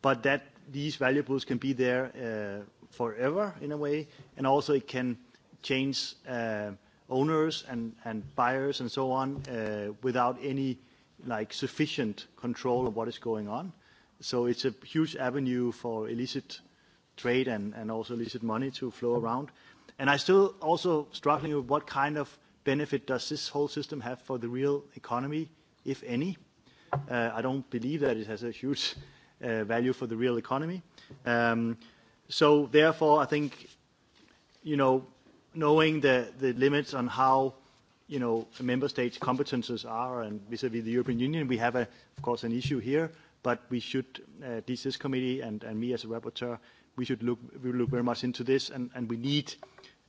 but that these valuables can be there uh, forever in a way, and also it can change uh, owners and, and buyers and so on uh, without any like sufficient control of what is going on. So it's a huge avenue for illicit trade and, and also illicit money to flow around. And I'm still also struggling with what kind of benefit does this whole system have for the real economy, if any. Uh, Uh, I don't believe that it has a huge uh, value for the real economy. Um, so therefore, I think, you know, knowing the, the limits on how, you know, member states' competences are and vis-à-vis -vis the European Union, we have, a, of course, an issue here, but we should, uh, this committee and, and me as a rapporteur, we should look, we look very much into this, and, and we need,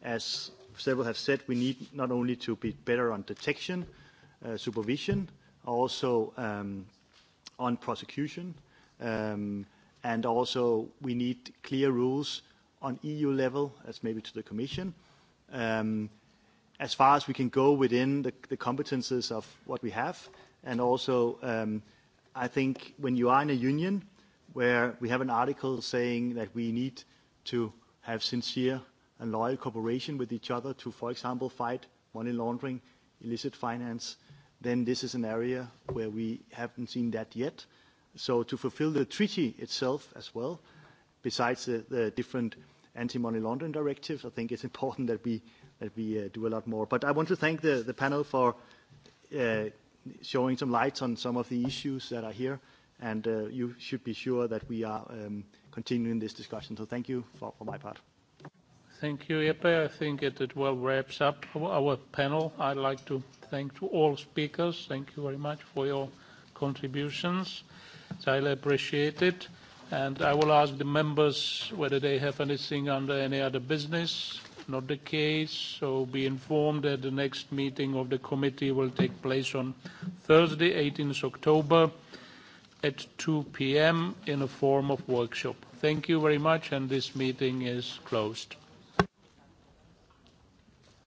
as several have said, we need not only to be better on detection, uh, supervision, uh, also um, on prosecution, um, and also we need clear rules on EU level, as maybe to the Commission, um, as far as we can go within the, the competences of what we have. And also, um, I think when you are in a union where we have an article saying that we need to have sincere and loyal cooperation with each other to, for example, fight money laundering, illicit finance, then this is an area where we haven't seen that yet. So to fulfill the treaty itself as well, besides the, the different anti-money laundering directives, I think it's [LAUGHS] important that we, that we uh, do a lot more. But I want to thank the, the panel for uh, showing some light on some of the issues that are here, and uh, you should be sure that we are um, continuing this discussion. So thank you for, for my part. Thank you, Jeppe. I think it, it well wraps up our panel. I'd like to thank to all speakers. Thank you very much for your contributions. It's highly appreciated. And I will ask the members whether they have anything under any other business. Not the case, so be informed that the next meeting of the committee will take place on Thursday, 18th October at 2 P.M. in a form of workshop. Thank you very much, and this meeting is closed.